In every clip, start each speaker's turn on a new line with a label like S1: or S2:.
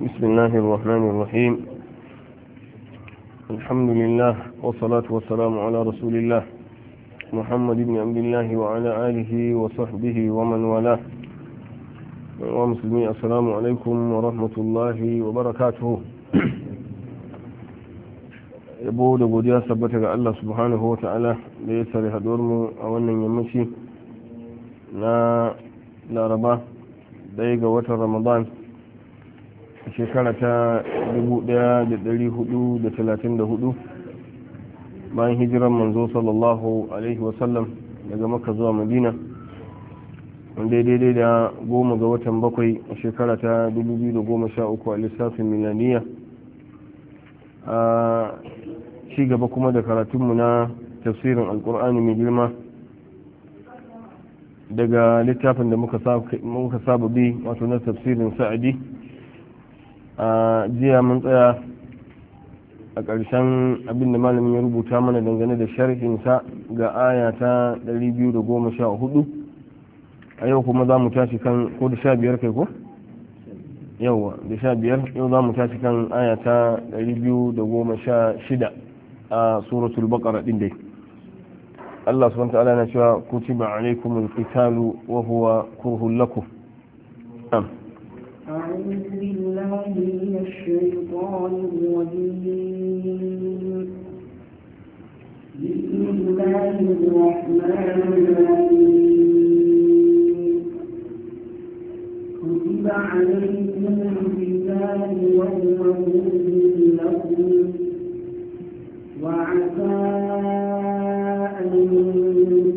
S1: بسم الله الرحمن الرحيم الحمد لله والصلاة والسلام على رسول الله محمد بن عبد الله وعلى آله وصحبه ومن والاه ومسلمين السلام عليكم ورحمة الله وبركاته yabo da godiya sabbata ga Allah subhanahu wa ta'ala da ya tsare mu a wannan yammaci na laraba ɗaya ga watan ramadan shekara ta 1434 bayan hijiran manzo sallallahu alaihi wasallam daga maka zuwa madina wanda daidai da goma ga watan bakwai a shekara ta 2013 a lissafin milaniya a cigaba kuma da karatunmu na tafsirin alkur'ani mai girma daga littafin da muka saba bi wato na tafsirin sa'adi jiya mun tsaya a ƙarshen abinda malamin ya rubuta mana dangane da sharhinsa ga aya ta 214 a yau kuma za mu tashi kan ko da sha biyar kai ko? yauwa da sha biyar yau za mu tashi kan aya ta 216 a suratul baqara din dai Allah subhanahu wa ta'ala na cewa kutiba alaikumul qitalu wa huwa kurhun lakum أعوذ بالله من الشيطان الرجيم بسم الله الرحمن الرحيم كتب عليكم القتال وهو مؤمن وعسى أن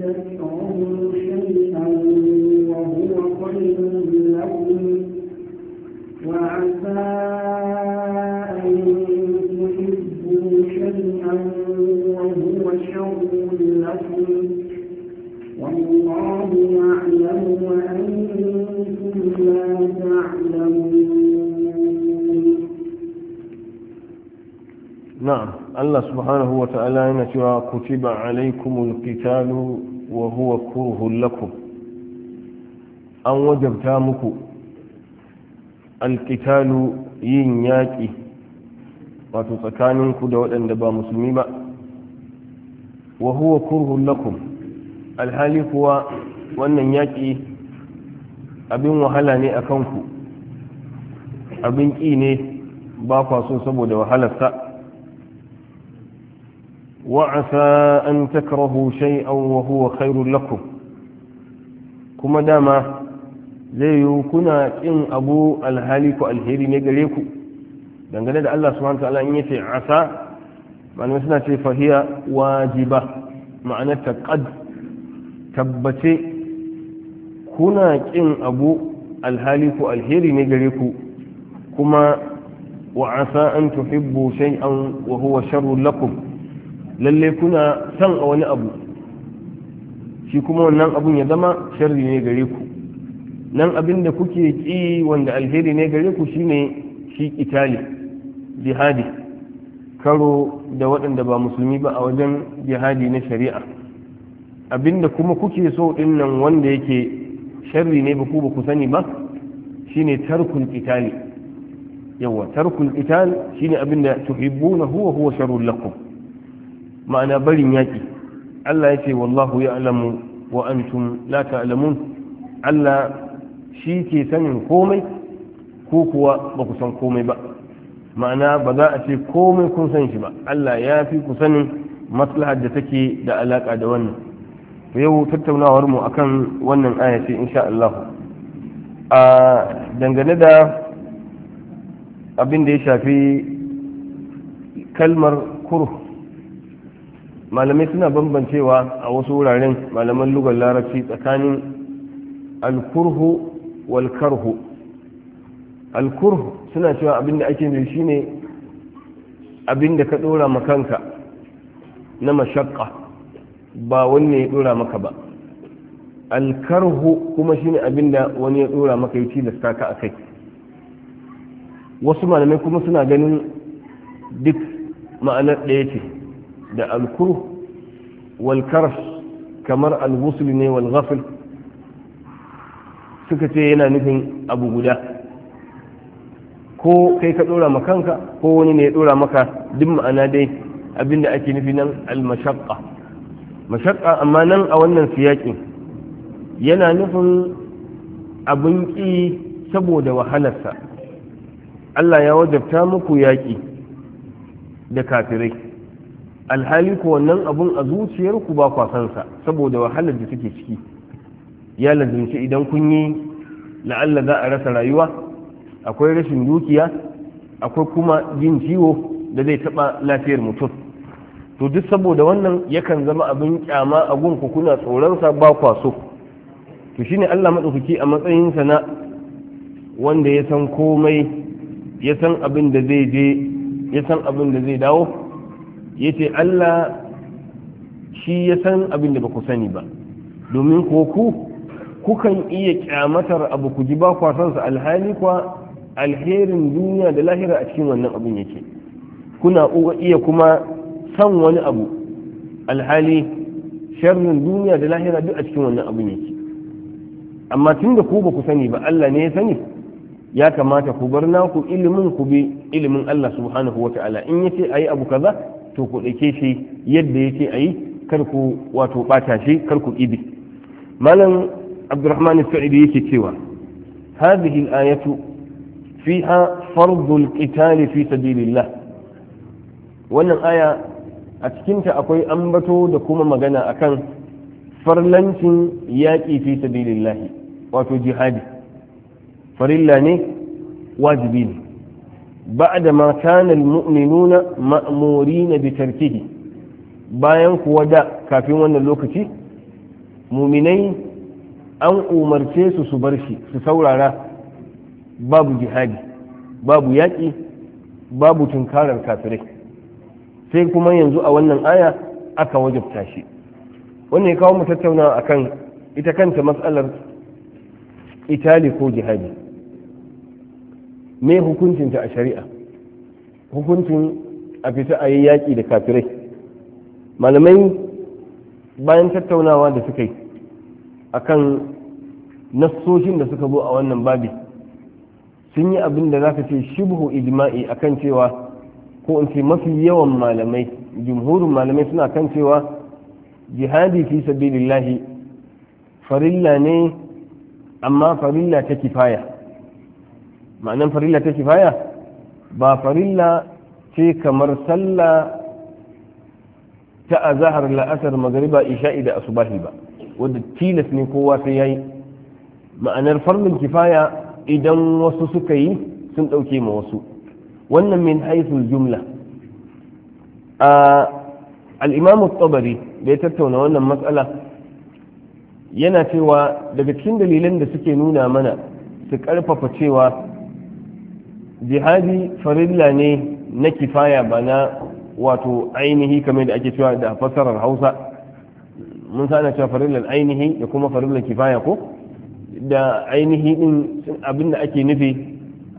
S1: تكرهوا شيئا والله يعلم وأنتم لا تعلمون نعم الله سبحانه وتعالى نتوى كتب عليكم القتال وهو كره لكم أن وجبتامك القتال yin yaƙi wato tsakaninku da waɗanda ba musulmi ba wa huwa kurhun lakum alhali kuwa wannan yaƙi abin wahala ne a kanku abin ƙi ne ba kwa so saboda wahalarsa wa'asa an takrahu shay'an wa huwa khairul lakum kuma dama zai yi kuna ƙin abu alhali ku alheri ne gare ku dangane da Allah subhanahu ta'ala in yace asa malamai suna ce fahiya wajiba ma'anar taqad tabbace kuna ƙin abu alhali ku alheri ne gare ku kuma wa asa an tuhibbu shay'an wa huwa sharrun lakum lalle kuna san a wani abu shi kuma wannan abun ya zama sharri ne gare ku nan abin da kuke ƙi wanda alheri ne gare ku shine shi jihadi karo da waɗanda ba musulmi ba a wajen jihadi na shari'a abinda kuma kuke so din nan wanda yake sharri ne ba ku ba ku sani ba shine tarkul qitali yawa tarkul qital shine abinda tuhibbuna huwa huwa sharrul lakum ma'ana barin yaki Allah yace wallahu ya'lamu wa antum la ta'lamun Allah shi ke sanin komai ko kuwa ba ku san komai ba ma'ana ba za a ce komai kun san shi ba Allah ya fi ku sanin maslahar da take da alaka da wannan to yau tattaunawar mu akan wannan aya ce insha Allah a dangane da abin da ya shafi kalmar kuru malamai suna bambancewa a wasu wuraren malaman lugar larabci tsakanin alkurhu walkarhu karhu alkurhu suna cewa abin da ake nufi shine abin da ka dora ma kanka na mashakka ba wanne ya dora maka ba alkarhu kuma shine abinda wani ya dora maka ya tilasta ka kai, wasu malamai kuma suna ganin duk ma'anar ɗaya ce da alkurhu walkarf kamar alwusul ne walghafil suka ce yana nufin abu guda ko kai ka dora kanka ko wani ne ya dora maka duk ma'ana dai abinda ake nufi nan almashaqqa mashakka amma nan a wannan siyakin yana nufin abin ƙi saboda wahalarsa Allah ya wajabta muku yaƙi da kafirai alhali ku wannan abun a zuciyarku ba kwasansa saboda wahalar da suke ciki ya lazimci idan kun yi la'alla za a rasa rayuwa akwai rashin dukiya akwai kuma jin ciwo da zai taɓa lafiyar mutum to duk saboda wannan yakan zama abin kyama a gunku kuna tsoronsa ba kwa so to shine Allah madaukaki a matsayinsa na wanda ya san komai ya san abin da zai je ya san abin da zai dawo ya ce Allah shi ya san abin da ba sani ba domin ko ku kukan iya kyamatar abu ku ji ba kwa sa alhali kwa alherin duniya da lahira a cikin wannan abin yake kuna iya kuma san wani abu alhali sharrin duniya da lahira duk a cikin wannan abu ne amma tun da ku ba ku sani ba Allah ne ya sani ya kamata ku bar naku ilimin ku bi ilimin Allah subhanahu wa ta'ala in yace ayi abu kaza to ku dake shi yadda yace ayi kar ku wato bata shi kar ku ibi malam Abdurrahman Sa'idi yake cewa هذه الآية فيها fiha القتال في fi sabilillah wannan aya a cikinta akwai ambato da kuma magana akan farlancin yaƙi fi sabilillahi wato jihadi farilla ne wajibi ne ba'da ma kana almu'minuna ma'murina bi tarkihi bayan kuwa da kafin wannan lokaci muminai an umarce su su bar shi su saurara babu jihadi babu yaƙi babu tunkarar kafirai sai kuma yanzu a wannan aya aka wajabta shi wannan ya kawo mu tattauna akan ita kanta matsalar itali ko jihadi me hukuncinta a shari'a hukuncin a fita a yi yaƙi da kafirai malamai bayan tattaunawa da suka yi a kan nassoshin da suka zo a wannan babi sun yi abin da za ka ce shibhu ijma'i kan cewa ko in ce mafi yawan malamai jumhurin malamai suna kan cewa jihadi fi sabilillahi farilla ne amma farilla ta kifaya ma'anan farilla ta kifaya ba farilla ce kamar sallah ta azahar la'asar magariba isha'i da asubahi ba wadda tilas ne kowa sai yayi ma'anar farlin kifaya idan wasu suka yi sun ɗauke ma wasu wannan min haisul jumla a al'imamu tsabari da ya tattauna wannan matsala yana cewa daga cikin dalilan da suke nuna mana su karfafa cewa jihadi farilla ne na kifaya ba na wato ainihi kamar da ake cewa da fasarar hausa mun sa cewa farillar ainihi da kuma farillar kifaya ko da ainihi din abin da ake nufi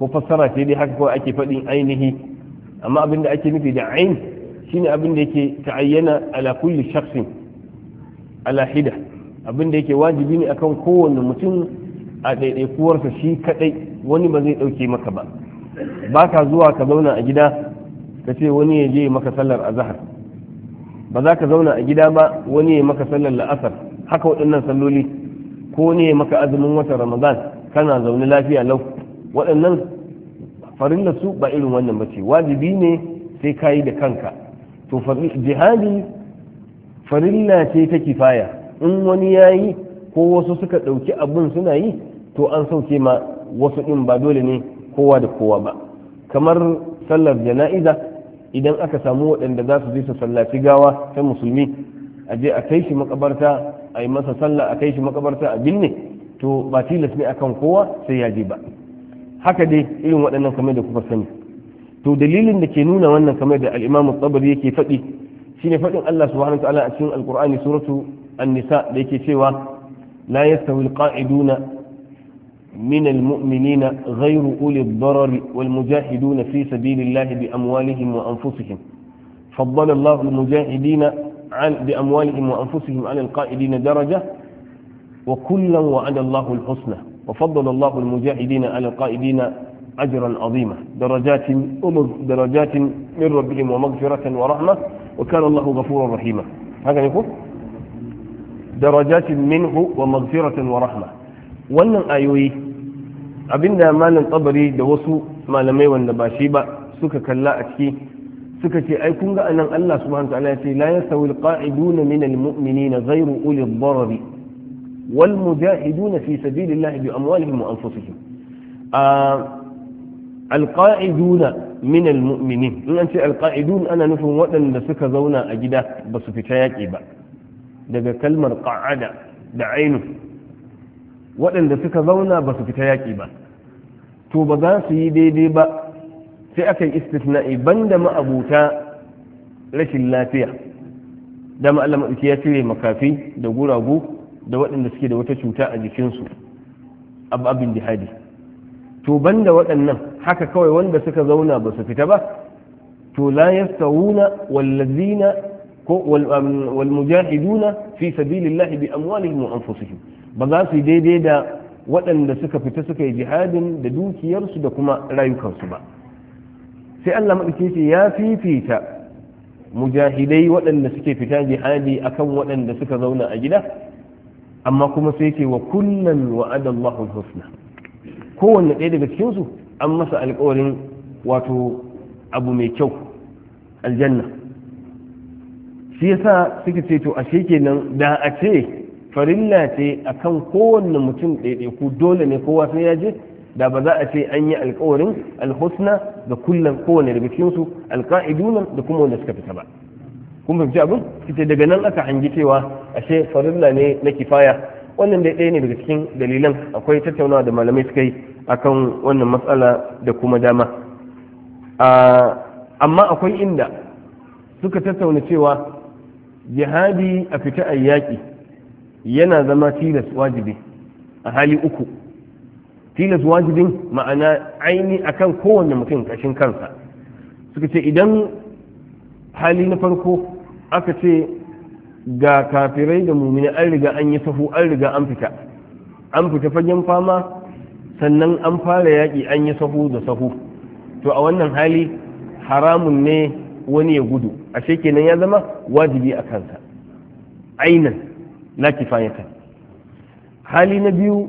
S1: ko fassara ce dai haka kawai ake faɗin ainihi amma abin da ake nufi da ain ne abin da yake ta'ayyana ala kulli shaksin ala abin da yake wajibi ne akan kowane mutum a ɗaiɗaikuwarsa shi kaɗai wani ba zai ɗauke maka ba ba ka zuwa ka zauna a gida ka ce wani ya je maka sallar azahar ba za ka zauna a gida ba wani ya maka sallar la'asar haka waɗannan salloli ko wani yi maka azumin watan ramadan kana zaune lafiya lau waɗannan farilla su ba irin wannan ce wajibi ne sai ka yi da kanka to jihadi farin ce ta kifaya in wani ya yi ko wasu suka ɗauki abin suna yi to an sauke ma wasu ɗin ba dole ne kowa da kowa ba kamar sallar jana'iza idan aka samu waɗanda za su je su sallaci gawa ta musulmi a je a kai shi makabarta a yi masa sallah a kai shi makabarta a binne to ba tilas ne akan kowa sai ya je ba haka dai irin waɗannan kamar da kuka sani to dalilin da ke nuna wannan kamar da al-Imam Tabari yake faɗi shine faɗin Allah subhanahu wataala a cikin Al-Qur'ani suratu An-Nisa da yake cewa la yastawi al-qa'iduna min al-mu'minina ghayru uli ad-darar wal mujahiduna fi sabilillahi bi amwalihim wa anfusihim faddala Allah al-mujahidina بأموالهم وأنفسهم على القائدين درجة وكلا وعد الله الحسنى وفضل الله المجاهدين على القائدين أجرا عظيما درجات أمر درجات من ربهم ومغفرة ورحمة وكان الله غفورا رحيما هذا يقول درجات منه ومغفرة ورحمة وأن أيوي ابن ما ننطبري دوسو ما لمي ونباشيبا سكا كلا أتكي سكا تي أي كونغ أن الله سبحانه وتعالى لا يستوي القاعدون من المؤمنين غير أولي الضرر wal mujahiduna fi sabilillahi bi amwalihim wa anfusihim alqa'iduna min almu'minin in an ce alqa'idun ana nufin waɗanda suka zauna a gida ba su fita yaƙi ba daga kalmar qa'ada da ainu waɗanda suka zauna basu fita yaƙi ba to ba za su yi daidai ba sai aka yi istisna'i banda ma'abuta rashin lafiya dama Allah maɗauki ya cire makafi da guragu da waɗanda suke da wata cuta a jikinsu abin jihadi to banda waɗannan haka kawai wanda suka zauna ba su fita ba to la yastawuna wallazina ko wal mujahiduna fi sabilillahi bi amwalihim wa anfusihim ba za su daidai da waɗanda suka fita suka yi jihadin da dukiyarsu da kuma rayukansu ba sai Allah maɗauke ce ya fifita mujahidai waɗanda suke fita jihadi akan waɗanda suka zauna a gida amma kuma sai ke wa kunnan wa'adan Allahul husna kowanne ɗaya daga cikinsu an masa alƙawarin wato abu mai kyau aljanna shi yasa suke ce to ashe kenan da a ce farilla ce akan kowanne mutum ɗaiɗai ku dole ne kowa sai ya je da ba za a ce an yi alƙawarin alhusna da kullum kowanne daga cikinsu su alƙa'iduna da kuma wanda suka fita ba kun fahimci abin fitar daga nan aka hangi cewa ashe farilla ne na kifaya wannan dai ɗaya ne daga cikin dalilan akwai tattaunawa da malamai suka yi akan wannan matsala da kuma dama amma akwai inda suka tattauna cewa jihadi a fita a yaƙi yana zama tilas wajibi a hali uku tilas wajibin ma'ana aini akan kowane mutum kashin kansa suka ce idan hali na farko aka ce ga kafirai da mumini an riga an yi sahu an riga an fita an fita fagen fama sannan an fara yaƙi an yi sahu da sahu to a wannan hali haramun ne wani ya gudu a kenan ya zama wajibi a kansa ainan na kifayata hali na biyu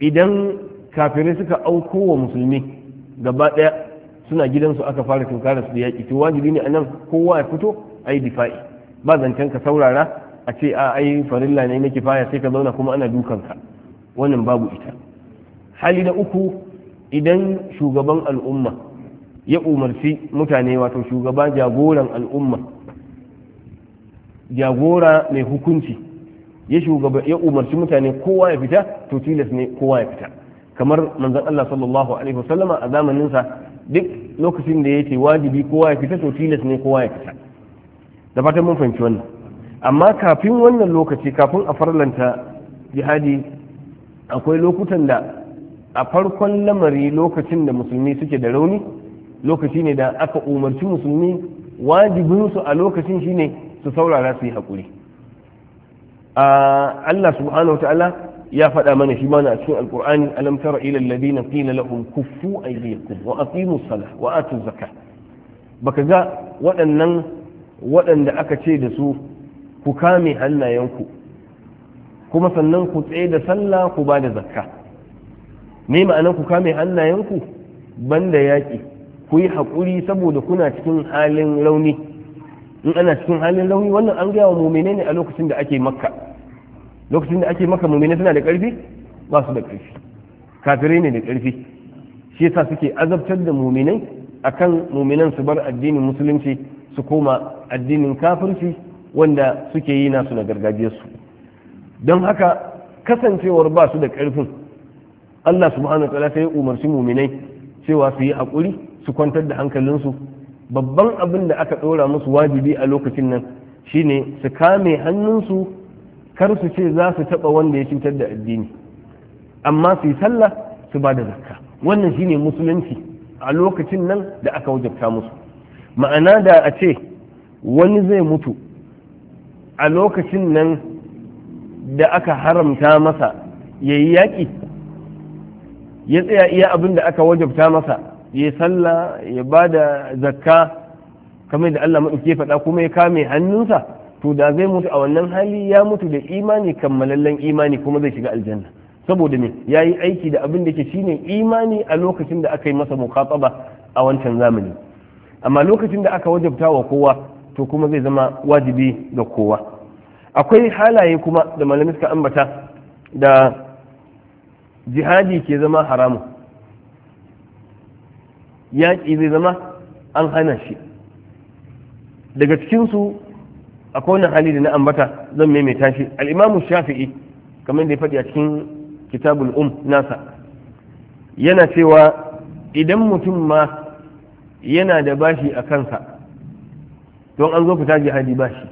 S1: idan kafirai suka auko wa musulmi gaba ɗaya suna gidansu aka fara tunkarar su da yaƙi to wajibi ne anan kowa ya fito a yi difa'i ba zancen ka saurara a ce a ai farilla ne na kifaya sai ka zauna kuma ana dukanka wannan babu ita hali na uku idan shugaban al'umma ya umarci mutane wato shugaba jagoran al'umma jagora mai hukunci ya shugaba ya umarci mutane kowa ya fita to tilas ne kowa ya fita kamar manzon Allah sallallahu alaihi wasallama a zamanin sa. duk lokacin da ya yake wajibi kowa ya fita to tilas ne kowa ya fita da fatan mun fahimci wannan amma kafin wannan lokaci kafin a farlanta jihadi akwai lokutan da a farkon lamari lokacin da musulmi suke da rauni lokaci ne da aka umarci musulmi su a lokacin shine su saurara su yi haƙuri ah, Allah subhanahu wa ta'ala ya faɗa mana shi mana a cikin Alƙur'ani, alam tara ila alladhina qila lahum kuffu aydiyakum wa aqimu salah wa atu zakah baka ga waɗannan waɗanda aka ce da su ku kame hannayenku kuma sannan ku tsaye da sallah ku ba da zakka me ma'anar ku kame hannayenku banda yaƙi ku yi haƙuri saboda kuna cikin halin rauni in ana cikin halin rauni wannan an gaya wa mumine ne a lokacin da ake makka lokacin da ake maka mummina suna da ƙarfi ba su da ƙarfi kafirai ne da ƙarfi shi yasa suke azabtar da muminai akan muminan su bar addinin musulunci su koma addinin kafirci wanda suke yi nasu na gargajiyarsu don haka kasancewar ba su da ƙarfin Allah subhanahu wa ta'ala sai ya umarci muminai cewa su yi hakuri su kwantar da hankalinsu babban abin da aka ɗora musu wajibi a lokacin nan shine su kame hannunsu kar su ce za su taɓa wanda ya cutar da addini amma su yi sallah su ba da zakka wannan shine musulunci a lokacin nan da aka wajabta musu ma'ana da a ce wani zai mutu a lokacin nan da aka haramta masa ya yi yaƙi ya tsaya iya abin da aka wajabta masa ya sallah ya ba da zakka kamar da Allah maɗauki ya faɗa kuma ya kame hannunsa to da zai mutu a wannan hali ya mutu da imani kammalallen imani kuma zai shiga aljanna saboda ne ya yi aiki da abin da ke shine imani a lokacin da aka yi masa mukhataba a wancan zamani amma lokacin da aka wajabta wa kowa to kuma zai zama wajibi ga kowa akwai halaye kuma da malamai suka ambata da jihadi ke zama haramu yaƙi zai zama an hana shi daga cikinsu akwai wannan hali da na ambata zan maimaita shi al'imamu shafi'i kamar da ya faɗi a cikin kitabul um nasa yana cewa idan mutum ma yana da bashi a kansa don an zo fita jihadi bashi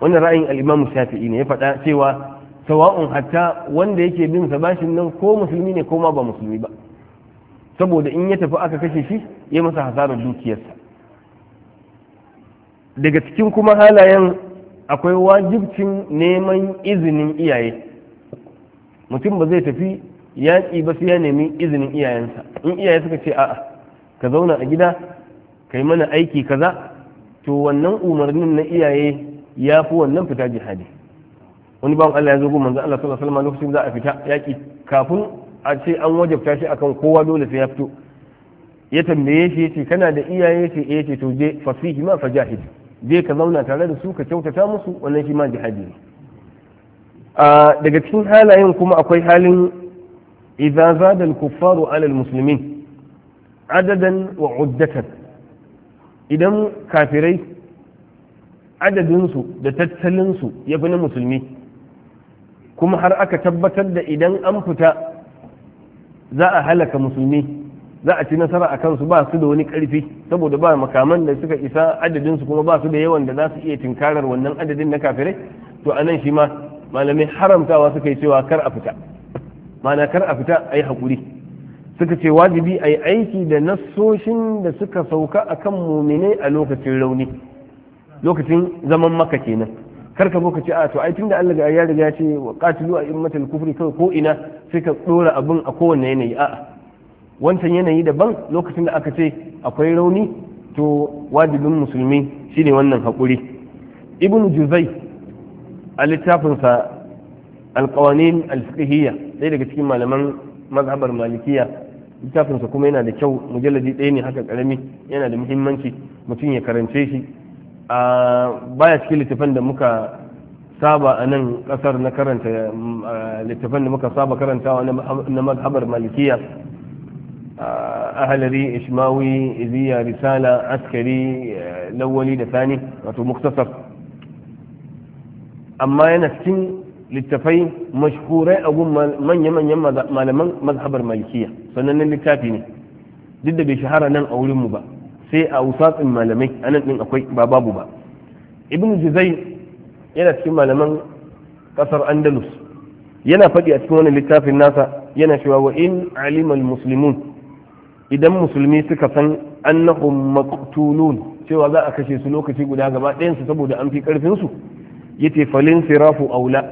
S1: wannan ra'ayin al'imamu shafi'i ne ya faɗa cewa sawa'un hatta wanda yake bin sa bashin nan ko musulmi ne ko ma ba musulmi ba saboda in ya tafi aka kashe shi ya masa hasarar dukiyarsa daga cikin kuma halayen akwai wajibcin neman izinin iyaye mutum ba zai tafi yaƙi ba sai ya nemi izinin iyayensa in iyaye suka ce a'a ka zauna a gida ka yi mana aiki kaza to wannan umarnin na iyaye ya fi wannan fita jihadi wani bawan Allah ya zo manzo Allah sallallahu alaihi lokacin za a fita yaƙi kafin a ce an wajabta shi akan kowa dole sai ya fito ya tambaye shi yace kana da iyaye ce eh ce to je fasihi ma fajahid zai ka zauna tare da su ka kyautata musu wannan shi ma jihadi ne daga cikin halayen kuma akwai halin idza zada kuffaru ala al adadan wa uddatan idan kafirai adadinsu da tattalinsu ya fi na musulmi kuma har aka tabbatar da idan an fita za a halaka musulmi za a ci nasara a kansu ba su da wani karfi saboda ba makaman da suka isa adadin kuma ba su da yawan da za su iya tinkarar wannan adadin na kafirai to anan shi ma malamai haramtawa suka yi cewa kar a fita mana kar a fita a yi haƙuri suka ce wajibi a yi aiki da nasoshin da suka sauka a kan mumine a lokacin rauni lokacin zaman maka kenan kar ka ka ce a to ai tunda Allah ya riga ya ce wa qatilu a immatul kufri kai ko ina sai ka dora abin a kowanne yanayi a'a wancan yanayi daban lokacin da aka ce akwai rauni to wajibin musulmi shine wannan haƙuri ibn juzai a littafinsa alƙawanin alfiqhiyya ɗaya daga cikin malaman mazhabar malikiya littafinsa kuma yana da kyau mujalladi ɗaya ne haka ƙarami yana da muhimmanci mutum ya karance shi a baya cikin littafan da muka saba a nan ƙasar na karanta littafan da muka saba karantawa na mazhabar malikiya ahalari ishmawi iziya risala askari lawali da sani wato muktasar amma yana cikin littafai mashhurai a gun manya-manyan malaman mazhabar malikiya sannan littafi ne duk da bai shahara nan a wurinmu ba sai a wusatsin malamai a nan ɗin akwai ba babu ba ibn juzai yana cikin malaman ƙasar andalus yana faɗi a cikin wani littafin nasa yana cewa wa in alimal muslimun idan musulmi suka san annahum maqtulun cewa za a kashe su lokaci guda gaba ɗayan su saboda an fi karfin su yace falin sirafu aula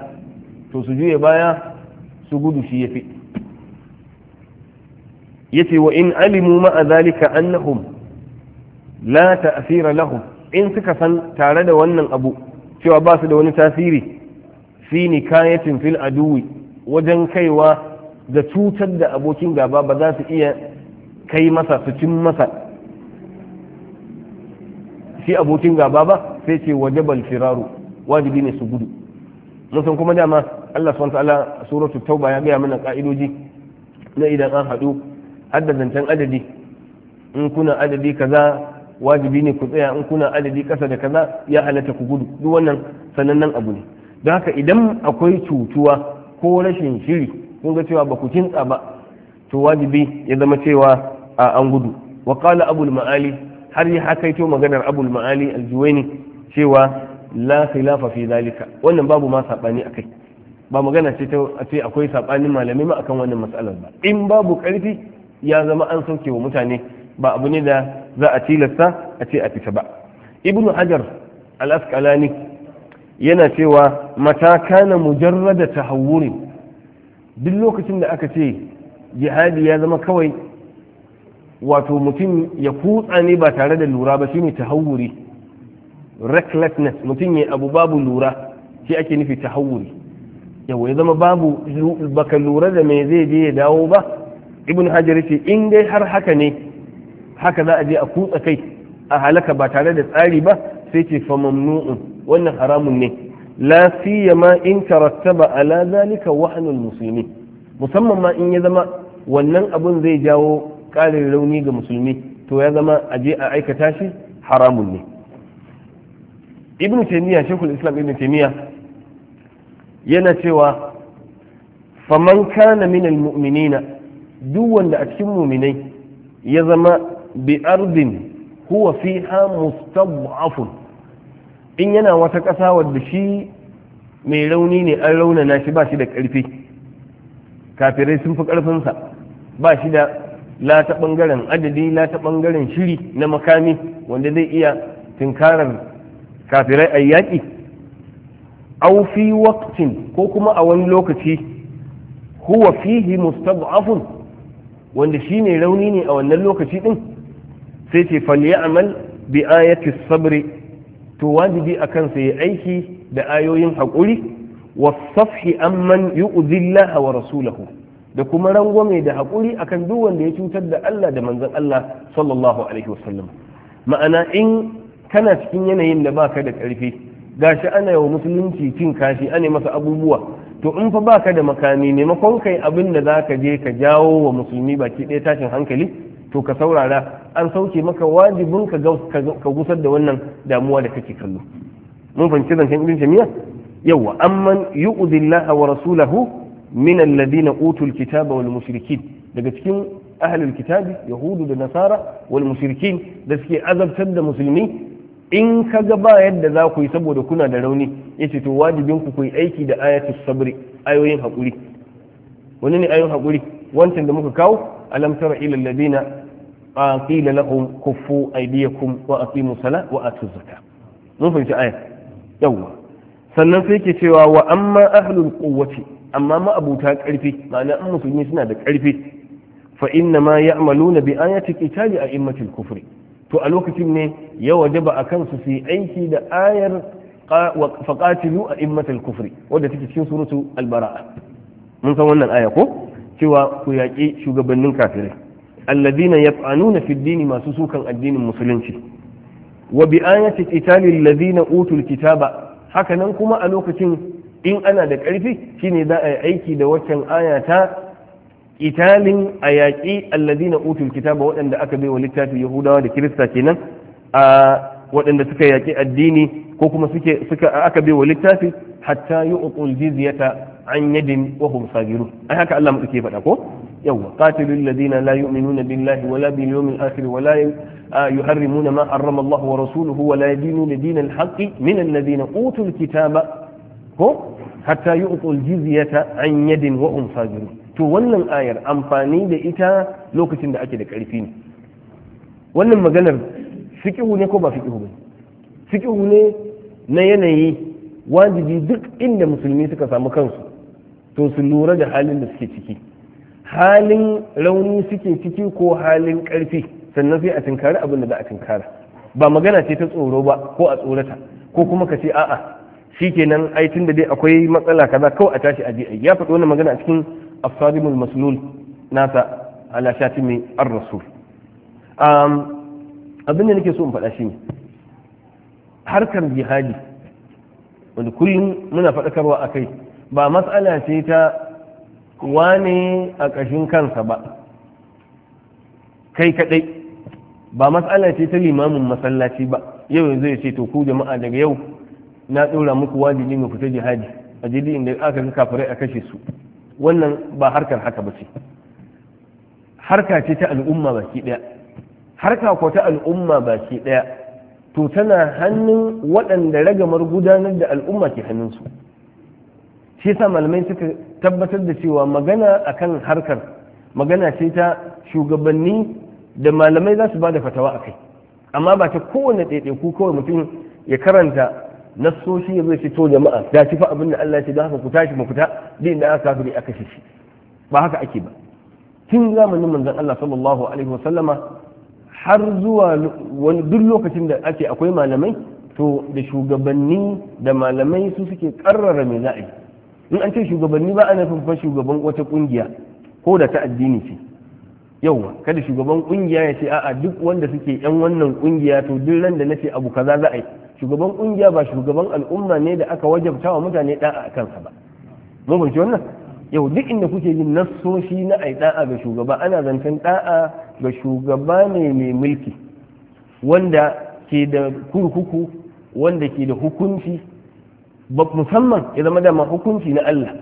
S1: to su juye baya su gudu shi yafi yace wa in alimu ma zalika annahum la ta'thira lahum in suka san tare da wannan abu cewa ba su da wani tasiri fi nikayatin fil aduwi wajen kaiwa da cutar da abokin gaba ba za su iya kai masa su cin masa shi abokin gaba ba sai ce wajabal firaru wajibi ne su gudu mun kuma dama Allah subhanahu ta'ala suratu tauba ya gaya mana ka'idoji na idan an haɗu hadda zancen adadi in kuna adadi kaza wajibi ne ku tsaya in kuna adadi kasa da kaza ya halatta ku gudu duk wannan sanannen abu ne don haka idan akwai cutuwa ko rashin shiri kun ga cewa ba ku kintsa ba to wajibi ya zama cewa a an gudu wa abulma'ali abul ma'ali har ya hakaito maganar abul ma'ali aljuwaini cewa la khilafa fi zalika wannan babu ma sabani akai ba magana ce ta ce akwai sabanin malamai ma akan wannan matsalar ba in babu karfi ya zama an sauke wa mutane ba abu ne da za a tilasta a ce a fita ba ibnu hajar al-asqalani yana cewa mata kana mujarrada tahawurin duk lokacin da aka ce jihadi ya zama kawai wato mutum ya kutsa ne ba tare da lura ba shine tahawuri recklessness mutum ya abu babu lura shi ake nufi tahawuri yawa ya zama babu baka lura da me zai je ya dawo ba ibn hajar ce in dai har haka ne haka za a je a kutsa kai a halaka ba tare da tsari ba sai ce fa mamnu'un wannan haramun ne la siyama in tarattaba ala zalika wahnul muslimin musamman ma in ya zama wannan abun zai jawo ƙarin rauni ga musulmi to ya zama a je a aikata shi haramun ne ibn taymiya shekul islam ibn taymiya yana cewa faman kana min almu'minina duk wanda a cikin muminai ya zama bi ardin huwa fiha mustad'afun in yana wata ƙasa wadda shi mai rauni ne an raunana shi ba shi da ƙarfi kafirai sun fi ƙarfinsa ba shi da la ta adadi la ta bangaren shiri na makami wanda zai iya tinkarar kafirai a yaƙi au fi waqtin ko kuma a wani lokaci huwa fihi mustad'afun wanda shine rauni ne a wannan lokaci ɗin, sai ce Amal bi ayati sabri to wajibi akan sa ya aiki da ayoyin haƙuri safhi amman yu'dhi wa rasulahu da kuma rangwame da haƙuri akan duk wanda ya cutar da Allah da manzon Allah sallallahu alaihi wasallam ma'ana in kana cikin yanayin da baka da ƙarfi gashi ana yawa musulunci cin kashi ana masa abubuwa to in fa baka da makami ne kai abin da zaka je ka jawo wa musulmi baki ɗaya tashin hankali to ka saurara an sauke maka wajibin ka gusar da wannan damuwa da kake kallo mun fahimci zancen ibn jami'a yawa amman yu'udillah wa rasulahu min alladhina utul kitaba wal daga cikin ahlul kitabi yahudu da nasara wal da suke azabtar da musulmi in ka ga ba yadda za ku yi saboda kuna da rauni yace to wajibin ku ku aiki da ayatus sabri ayoyin hakuri wani ne ayoyin hakuri wancan da muka kawo alam tara ila alladhina qila lahum kuffu wa wa mun fahimci sannan sai ke cewa wa amma ahlul quwwati amma ma'abuta karfi ma'ana an musulmi suna da karfi fa inna ma ya'maluna bi ayati qitali a immatil kufri to a lokacin ne ya ba a su su aiki da ayar fa a immatil kufri wadda take cikin su al-bara'a mun san wannan aya ko cewa ku yaƙi shugabannin kafirai alladhina yaf'anuna nuna fiddini masu sukan addinin musulunci wa bi ayati qitali utul kitaba hakanan kuma a lokacin in ana da ƙarfi shine za a yi aiki da waccan aya ta italin a yaƙi alladina utul kitaba waɗanda aka bai wa littafi yahudawa da kirista kenan a waɗanda suka yaƙi addini ko kuma suke suka aka bai wa littafi hatta yu'tul jizyata an yadin wa hum sagirun ai haka Allah mu faɗa ko yawa qatilul ladina la yu'minuna billahi wala bil yawmil akhir wala يحرمون ما حرم الله ورسوله ولا يدينون دين الحق من الذين utul kitaba. ko hatta yi uqul jizyata an yadin wa um to wannan ayar amfani da ita lokacin da ake da karfi ne wannan maganar fiqihu ne ko ba fiqihu ba fiqihu ne na yanayi wajibi duk inda musulmi suka samu kansu to su lura da halin da suke ciki halin rauni suke ciki ko halin karfi sannan sai a tinkari abin da za a tinkara ba magana ce ta tsoro ba ko a tsorata ko kuma ka ce a'a shikenan ai tun da dai akwai matsala kaza kawai a tashi aje ya faɗi wannan magana a cikin asarimul maslul nasa ala shatimi ar-rasul um abin da nake so in faɗa shine harkar jihadi wanda kullum muna faɗakarwa a kai ba matsala ce ta wane a ƙashin kansa ba kai kaɗai ba matsala ce ta limamin masallaci ba yau yanzu ya ce to ku jama'a daga yau na ɗora muku wajibi mu fita jihadi a jili inda aka ga kafirai a kashe su wannan ba harkar haka ba ce harka ce ta al'umma baki ɗaya harka ko ta al'umma baki ɗaya to tana hannun waɗanda ragamar gudanar da al'umma ke hannunsu shi sa malamai suka tabbatar da cewa magana akan harkar magana ce ta shugabanni da malamai za su ba da fatawa a kai amma ba ta kowane ɗaiɗaiku kawai mutum ya karanta nassoshi ya zai fito to jama'a da ci fa abin da Allah ce don haka ku tashi mu fita din da aka kafiri aka shi ba haka ake ba tun zamanin manzon Allah sallallahu alaihi wasallama har zuwa wani duk lokacin da ake akwai malamai to da shugabanni da malamai su suke karrara me za yi in an ce shugabanni ba ana nufin shugaban wata kungiya ko da ta addini ce yauwa kada shugaban kungiya ya ce a'a duk wanda suke yan wannan kungiya to duk ran da nace abu kaza za yi shugaban kungiya ba shugaban al'umma ne da aka wajabta wa mutane da'a a kansa ba mun fahimci wannan yau duk inda kuke yin nassoshi na ai da'a ga shugaba ana zancen ɗa'a ga shugaba ne mai mulki wanda ke da kurkuku wanda ke da hukunci ba musamman ya zama dama hukunci na Allah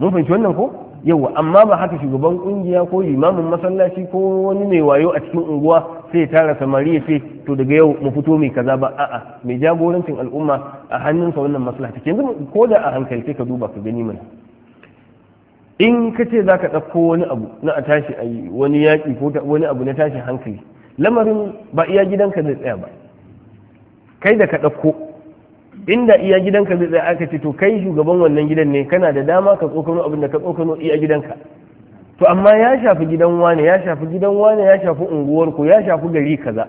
S1: mun fahimci wannan ko yau amma ba haka shugaban kungiya ko limamin masallaci ko wani mai wayo a cikin unguwa sai tara samari ya ce to daga yau mu fito mai kaza ba a'a mai jagorancin al'umma a hannunsa wannan maslaha ke yanzu ko da a hankali sai ka duba ka gani mana in ka ce za ka ɗauko wani abu na a tashi a yi wani yaƙi ko wani abu na tashi hankali lamarin ba iya gidanka zai tsaya ba kai da ka ɗauko inda iya gidanka zai tsaya aka ce to kai shugaban wannan gidan ne kana da dama ka tsokano abin da ka tsokano iya gidanka to amma ya shafi gidan wane ya shafi gidan wane ya shafi unguwarku ya shafi gari kaza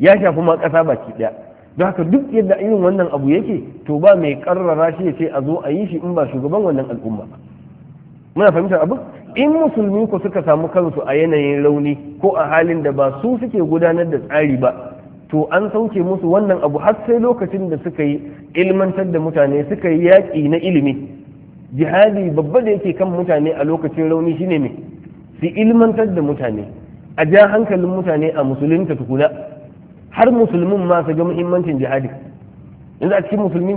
S1: ya shafi ma ƙasa baki ɗaya don haka duk yadda irin wannan abu yake to ba mai karrara shi ya ce a zo a yi shi in ba shugaban wannan al'umma muna fahimtar abu in musulmi ku suka samu kansu a yanayin rauni ko a halin da ba su suke gudanar da tsari ba to an sauke musu wannan abu har sai lokacin da suka yi ilmantar da mutane suka yi yaƙi na ilimi jihadi babba da yake kan mutane a lokacin rauni shine ne su ilmantar da mutane a ja hankalin mutane a musulunta tukuna har musulmin ma su ga muhimmancin jihadi yanzu a cikin musulmi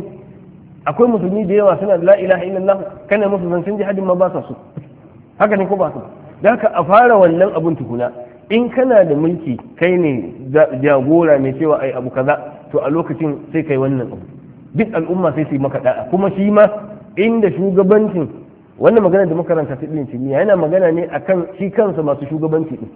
S1: akwai musulmi da yawa suna la ilaha illallah kana musu san jihadin ma ba sa su haka ne ko ba su da haka a fara wannan abun tukuna in kana da mulki kai ne jagora mai cewa ai abu kaza to a lokacin sai kai wannan abu duk al'umma sai su yi maka da'a kuma shi ma inda shugabancin wannan magana da makaranta ta ɗin kimiyya yana magana ne akan shi kansa masu shugabanci ɗin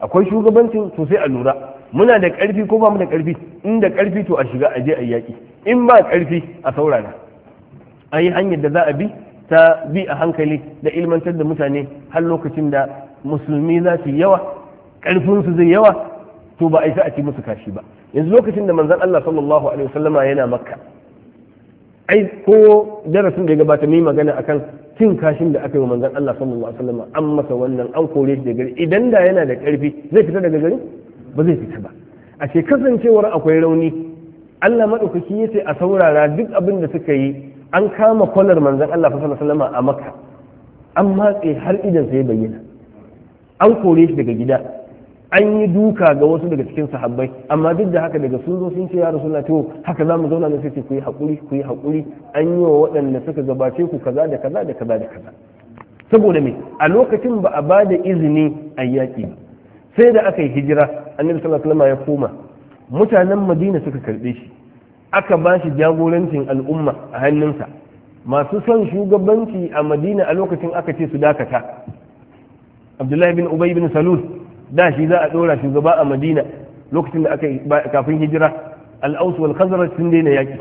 S1: akwai shugabancin sosai a lura muna da ƙarfi ko ba mu da ƙarfi Inda ƙarfi to a shiga a je a yaƙi in ba ƙarfi a saurara a yi hanyar da za a bi ta bi a hankali da ilmantar da mutane har lokacin da musulmi za su yawa ƙarfinsu zai yawa to ba a yi sa a ci musu kashi ba yanzu lokacin da manzon Allah sallallahu alaihi wasallama yana makka ai ko darasin da ya gabata mai magana akan cin kashin da aka yi wa manzon Allah sallallahu alaihi wasallam an masa wannan an kore shi da gari idan da yana da karfi zai fita daga gari ba zai fita ba a ce kasancewar akwai rauni Allah madaukaki ce a saurara duk abin da suka yi an kama kwalar manzon Allah sallallahu alaihi wasallam a Makka an matse har idan sai bayyana an kore shi daga gida an yi duka ga wasu daga cikin sahabbai amma duk da haka daga sun zo sun ce ya na to haka za mu zauna na sai ce ku yi haƙuri ku yi haƙuri. an yi wa waɗanda suka gabace ku kaza da kaza da kaza da kaza saboda me a lokacin ba a ba da izini a yaƙi ba sai da aka yi hijira annabi sallallahu alaihi ya koma mutanen madina suka karɓe shi aka ba shi jagorancin al'umma a hannunsa masu son shugabanci a madina a lokacin aka ce su dakata abdullahi bin ubay bin salul da shi za a ɗora shugaba a madina lokacin da aka kafin hijira al'ausu wal khazraj sun daina yaki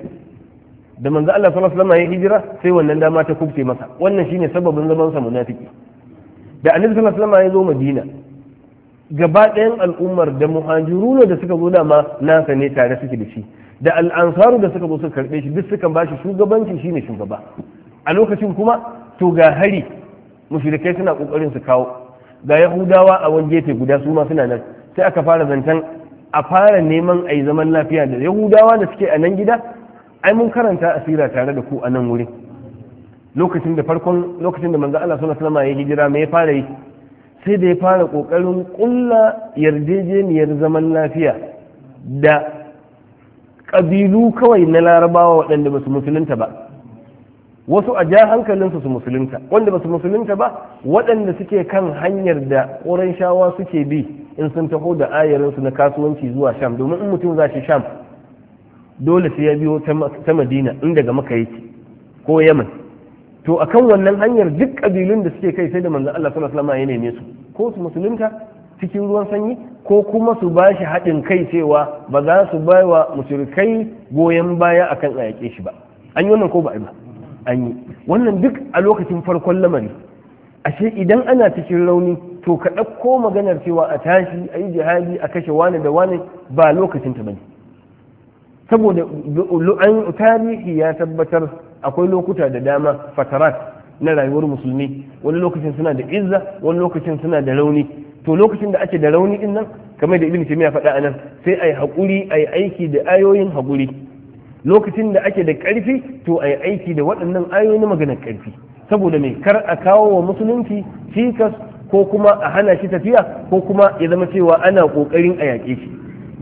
S1: da manzo Allah sallallahu alaihi wasallam ya hijira sai wannan dama ta kubce masa wannan shine sababin zaman sa munafiki da annabi sallallahu alaihi wasallam ya zo madina gaba ɗayan al'ummar da muhajiruna da suka zo dama nasa ne tare suke da shi da al'ansaru da suka zo suka karɓe shi duk suka bashi shugabanci shine shugaba a lokacin kuma to ga hari mushrikai suna kokarin su kawo ga yahudawa a wani gefe guda su ma suna nan sai aka fara zancen a fara neman a yi zaman lafiya da yahudawa da suke a nan gida ai mun karanta asira tare da ku a nan wuri lokacin da farkon lokacin da manzo Allah sallallahu alaihi wasallam ya hijira me ya fara yi sai da ya fara kokarin kulla yarjejeniyar zaman lafiya da kabilu kawai na larabawa waɗanda ba su musulunta ba wasu a ja hankalinsu su musulunta wanda ba su musulunta ba waɗanda suke kan hanyar da shawa suke bi in sun taho da ayarinsu na kasuwanci zuwa sham domin in mutum za shi sham dole sai ya biyo ta madina in daga maka yake ko yaman to akan wannan hanyar duk ƙabilun da suke kai sai da manzon Allah sallallahu alaihi wasallam ya neme su ko su musulunta cikin ruwan sanyi ko kuma su ba shi haɗin kai cewa ba za su bai wa mushrikai goyon baya akan a yaƙe shi ba an yi wannan ko ba ba an yi wannan duk a lokacin farkon lamari ashe idan ana cikin rauni to ka ɗauko maganar cewa a tashi a yi jihadi a kashe wani da wani ba lokacin ta bane saboda an tarihi ya tabbatar akwai lokuta da dama fatarat na rayuwar musulmi wani lokacin suna da izza wani lokacin suna da rauni to lokacin da ake da rauni din nan kamar da ibn taymiya faɗa anan sai ai hakuri ai aiki da ayoyin hakuri lokacin da ake da ƙarfi to a yi aiki da waɗannan ayoyi na maganar ƙarfi saboda mai kar a kawo wa musulunci cikas ko kuma a hana shi tafiya ko kuma ya zama cewa ana ƙoƙarin a yaƙe shi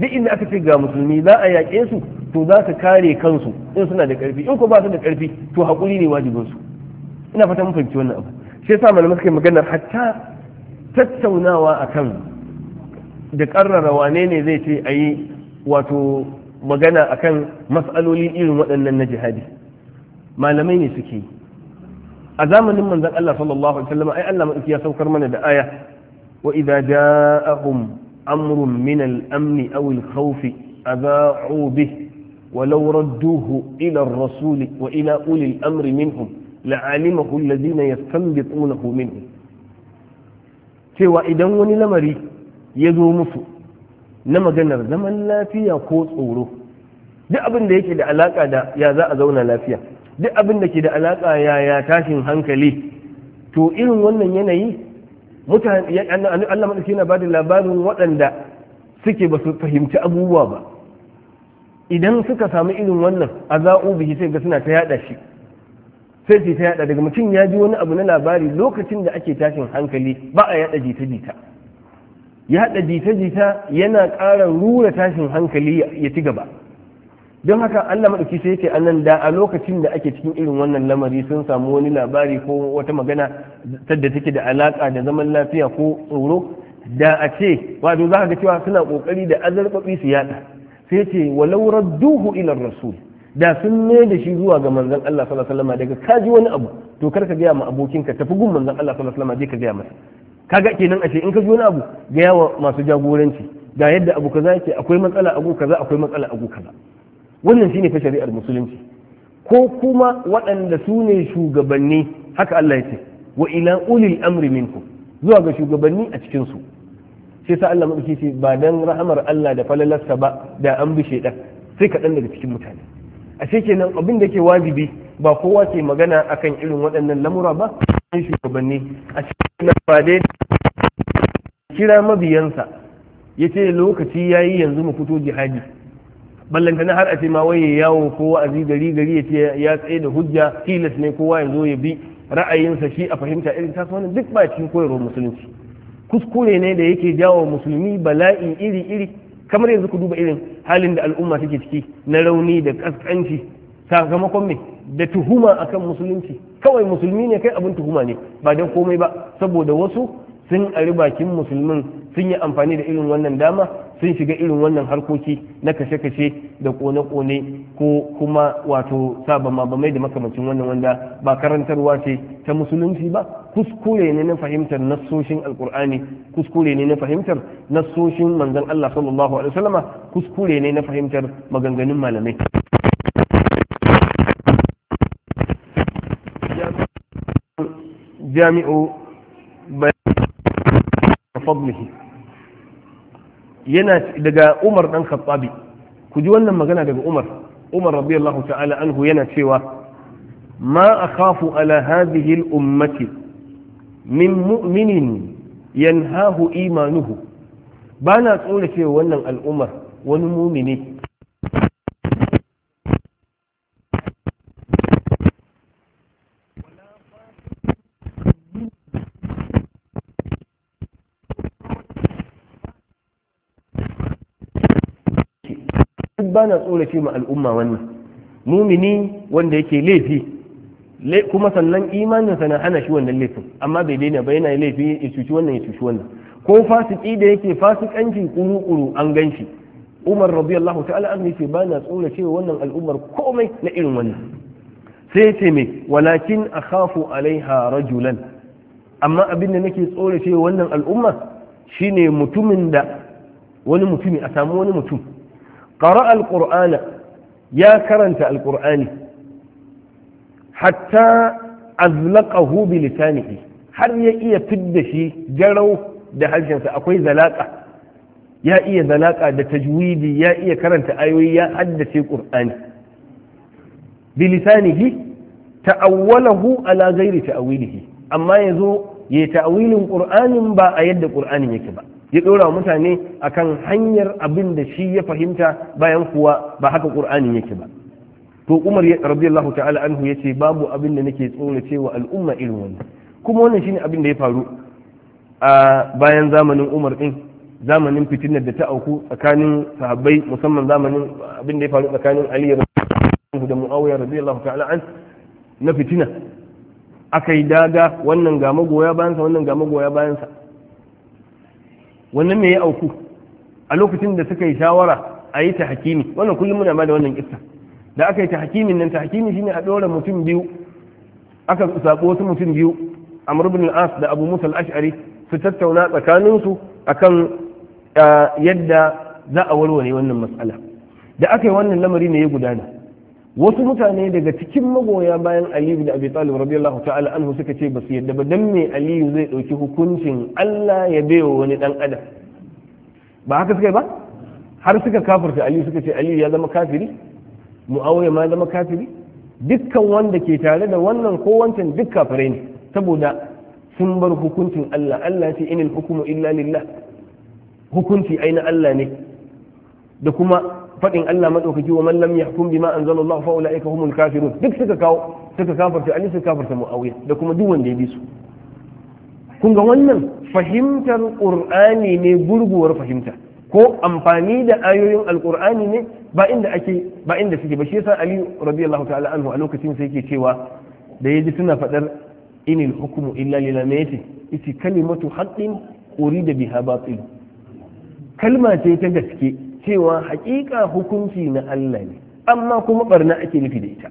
S1: duk inda aka ce ga musulmi za a yaƙe su to za su kare kansu in suna da ƙarfi in ko ba su da ƙarfi to haƙuri ne wajibin su ina fatan mun fahimci wannan abu shi yasa malamai suka magana hatta tattaunawa akan da karrara wane ne zai ce a yi wato magana akan mas'aloli irin waɗannan na jihadi malamai ne suke a zamanin manzon Allah sallallahu alaihi wasallam ai Allah madauki ya saukar mana da aya wa idza ja'ahum amrun min al-amn aw al-khawf adha'u bih ولو ردوه إلى الرسول وإلى أولي الأمر منهم لعلمه الذين يستنبطونه منهم cewa idan wani lamari ya zo musu na maganar zaman lafiya ko tsoro duk abin da yake da alaka da ya za a zauna lafiya duk abin da ke da alaka ya ya tashin hankali to irin wannan yanayi mutane Allah madaki yana bada labarin waɗanda suke ba su fahimci abubuwa ba idan suka samu irin wannan a za'u bihi sai ga suna ta yada shi sai su ta yada daga mutum ya ji wani abu na labari lokacin da ake tashin hankali ba a yada jita jita ya haɗa jita-jita yana ƙara rura tashin hankali ya ci gaba don haka allah maɗauki sai yake annan da a lokacin da ake cikin irin wannan lamari sun samu wani labari ko wata magana da take da alaƙa da zaman lafiya ko tsoro da a ce wato za ga cewa suna ƙoƙari da azarɓaɓi su yaɗa sai ce walau radduhu ila rasul da sun ne da shi zuwa ga manzon Allah sallallahu alaihi wasallam daga kaji wani abu to kar ka gaya ma abokinka tafi gun manzon Allah sallallahu alaihi wasallam je ka gaya masa kaga kenan a ashe in ka ji wani abu ga yawa masu jagoranci ga yadda abu kaza yake akwai matsala abu kaza akwai matsala abu kaza wannan shine fa shari'ar musulunci ko kuma waɗanda su ne shugabanni haka Allah ya ce wa ila ulil amri minkum zuwa ga shugabanni a cikin su sai sa Allah mabuki ce ba dan rahamar Allah da falalarsa ba da an bishe da sai kaɗan daga cikin mutane ashe kenan abin da yake wajibi ba kowa ke magana akan irin waɗannan lamura ba ɗan shugabanni a cikin fade kira mabiyansa ya ce lokaci ya yi yanzu mu fito jihadi ballantana har a ce ma waye yawo ko wa'azi gari gari ya ce ya tsaye da hujja tilas ne kowa ya zo ya bi ra'ayinsa shi a fahimta irin ta wani duk ba cikin koyarwar musulunci kuskure ne da yake jawo musulmi bala'i iri iri kamar yanzu ku duba irin halin da al'umma take ciki na rauni da kaskanci sakamakon me da tuhuma akan musulunci kawai musulmi ne kai abin tuhuma ne ba dan komai ba saboda wasu sun ari bakin musulmin sun yi amfani da irin wannan dama sun shiga irin wannan harkoki na kashe-kashe da kone-kone ko kuma wato saba mai da makamacin wannan wanda ba karantarwa ce ta musulunci ba kuskure ne na fahimtar nassoshin alkur'ani kuskure ne na fahimtar nassoshin manzon Allah sallallahu alaihi wasallama kuskure ne na fahimtar maganganun malamai jami'u fadlihi yana daga Umar ɗan kababi. ku ji wannan magana daga Umar Umar radiyallahu ta'ala anhu yana cewa ma akhafu ala hadhihi al-ummati min mu'minin yanhahu imanuhu bana tsore cewa wannan al'ummar wani mumini ba na tsorace al'umma wannan mumini wanda yake laifi kuma sannan imaninsa na hana shi wannan laifin amma bai daina ba yana laifi ya cuci wannan ya cuci wannan ko fasiki da yake fasikanci kuru-kuru an gan shi umar radiyallahu ta'ala an yace ba na tsorace wannan al'ummar komai na irin wannan sai ce me walakin akhafu alaiha rajulan amma abin da nake tsoracewa wannan al'umma shine mutumin da wani mutumi a samu wani mutum qara alqur'ana ya karanta alqur'ani hatta azlaqahu bi lisanihi har ya iya fidda shi garau da harshensa akwai zalaƙa. ya iya zalaƙa da tajwidi ya iya karanta ayoyi ya haddace qur'ani bi lisanihi ta'awwalahu ala ghairi ta'wilihi amma yazo ya ta'awilin qur'anin ba a yadda qur'anin yake ba ya ɗora mutane akan hanyar abin da shi ya fahimta bayan kuwa ba haka ƙur'ani yake ba to umar Allah ta'ala anhu ya ce babu abin da nake tsorace cewa al'umma irin wani kuma wannan shine abin da ya faru a bayan zamanin umar din zamanin fitinar da ta auku tsakanin sahabbai musamman zamanin abin da ya faru tsakanin ali da muawiya radiyallahu ta'ala an na fitina akai daga wannan ga magoya bayansa wannan ga magoya bayansa wannan me ya auku a lokacin da suka yi shawara a yi ta hakimi wannan kullum muna ba da wannan kissa da aka yi ta nan ta hakimi shine a ɗora mutum biyu aka sako wasu mutum biyu amr ibn al-as da abu musa al-ash'ari su tattauna tsakaninsu akan eh, yadda za a warware wannan mas'ala da aka yi wannan lamari ne ya gudana wasu mutane daga cikin magoya bayan aliyu da abi talib radiyallahu ta'ala anhu suka ce ba su yadda ba dan me aliyu zai ɗauki hukuncin allah ya bewa wani dan adam ba haka suka yi ba har suka kafirta aliyu suka ce aliyu ya zama kafiri mu'awiya ma zama kafiri dukkan wanda ke tare da wannan ko wancan duk kafirai ne saboda sun bar hukuncin allah allah ce inil hukumu illa lillah hukunci ai na allah ne da kuma fadin Allah maɗaukaki wa man lam yahkum bima anzalallahu fa ulaika humul kafirun duk suka kawo suka kafarta ali suka kafarta muawiya da kuma duk wanda ya bi su kun ga wannan fahimtar qur'ani ne gurguwar fahimta ko amfani da ayoyin alqur'ani ne ba inda ake ba inda suke ba shi yasa ali radiyallahu ta'ala anhu a lokacin sai yake cewa da yaji suna fadar inil hukmu illa lillahi ne yace ita kalimatu haqqin urida biha batil kalma ce ta gaske cewa hakika hukunci na Allah ne amma kuma barna ake nufi da ita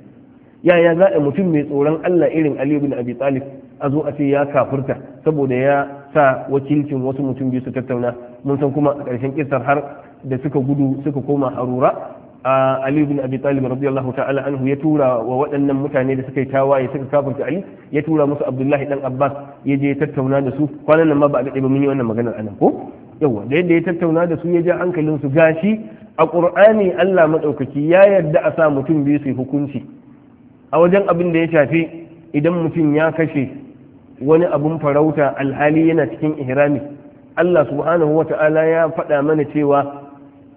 S1: yaya za a mutum mai tsoron Allah irin Ali bin Abi Talib a zo a ce ya kafurta saboda ya sa wakilcin wasu mutum biyu su tattauna mun san kuma a ƙarshen kisar har da suka gudu suka koma harura Ali bin Abi Talib radiyallahu ta'ala anhu ya tura wa waɗannan mutane da suka yi tawaye suka kafirta Ali ya tura musu Abdullahi dan Abbas ya je tattauna da su kwanan nan ma ba a ga ba mun yi wannan maganar anan ko yawa da yadda ya tattauna da su ya ja hankalin su gashi a Kur'ani Allah Maɗaukaki ya yarda a sa mutum biyu su hukunci a wajen abin da ya shafi idan mutum ya kashe wani abin farauta alhali yana cikin ihrami Allah subhanahu wata'ala ya faɗa mana cewa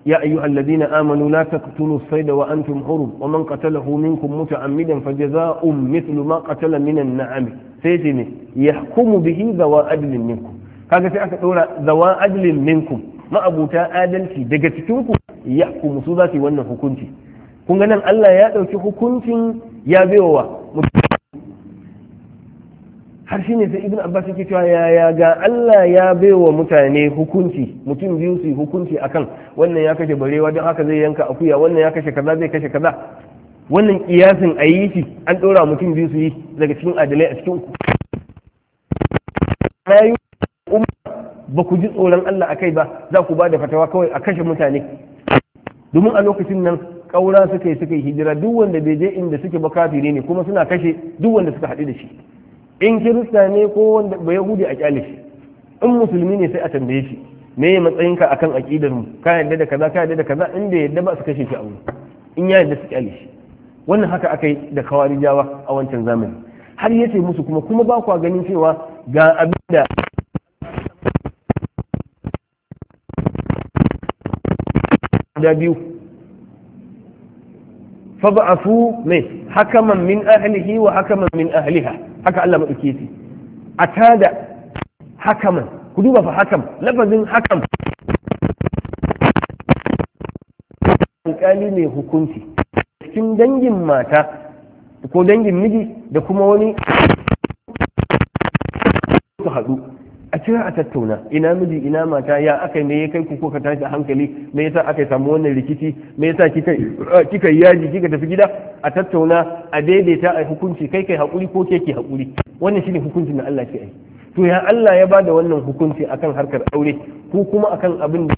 S1: يا أيها الذين آمنوا لا تقتلوا الصيد وأنتم حرم ومن قتله منكم متعمدا فجزاء مثل ما قتل من النعم سيتني يحكم به ذوى عدل منكم kaga sai aka dora zawan ajlin minkum ma'abuta adalci daga cikin ku ya kuma su za su yi wannan hukunci kun ga nan Allah ya dauki hukuncin ya baiwa har shine sai ibn abbas yake cewa ya ga Allah ya baiwa mutane hukunci mutum biyu su hukunci akan wannan ya kashe barewa don haka zai yanka akuya wannan ya kashe kaza zai kashe kaza wannan kiyasin a yi shi an ɗora mutum biyu su yi daga cikin adalai a cikin ku ba ku ji tsoron Allah a kai ba za ku ba da fatawa kawai a kashe mutane domin a lokacin nan ƙaura suka yi suka yi hijira duk wanda bai je inda suke ba kafiri ne kuma suna kashe duk wanda suka haɗu da shi in kirista ne ko wanda ba yahudi a kyale shi in musulmi ne sai a tambaye shi me ya matsayinka akan aƙidar mu ka yarda da kaza ka yarda da kaza Inda yadda ba su kashe shi a wuri in ya yarda su kyale shi wannan haka aka yi da kawarijawa a wancan zamani har yace musu kuma kuma ba kwa ganin cewa ga abin guda biyu fa ba'athu mai hakaman min ahlihi wa hakaman min ahliha haka Allah maɗauke shi a tada hakaman ku duba fa hakam lafazin hakam alƙali ne hukunci cikin dangin mata ko dangin miji da kuma wani su haɗu kira a tattauna ina miji ina mata ya aka ne ya kai ku ko ka tashi a hankali me yasa aka samu wannan rikici me yasa kika eh, kika yaji kika tafi gida a tattauna a daidaita a hukunci kai kai hakuri ko ke ki hakuri wannan shine hukuncin da Allah ke yi to ya Allah ya bada wannan hukunci akan harkar aure ko kuma akan abin da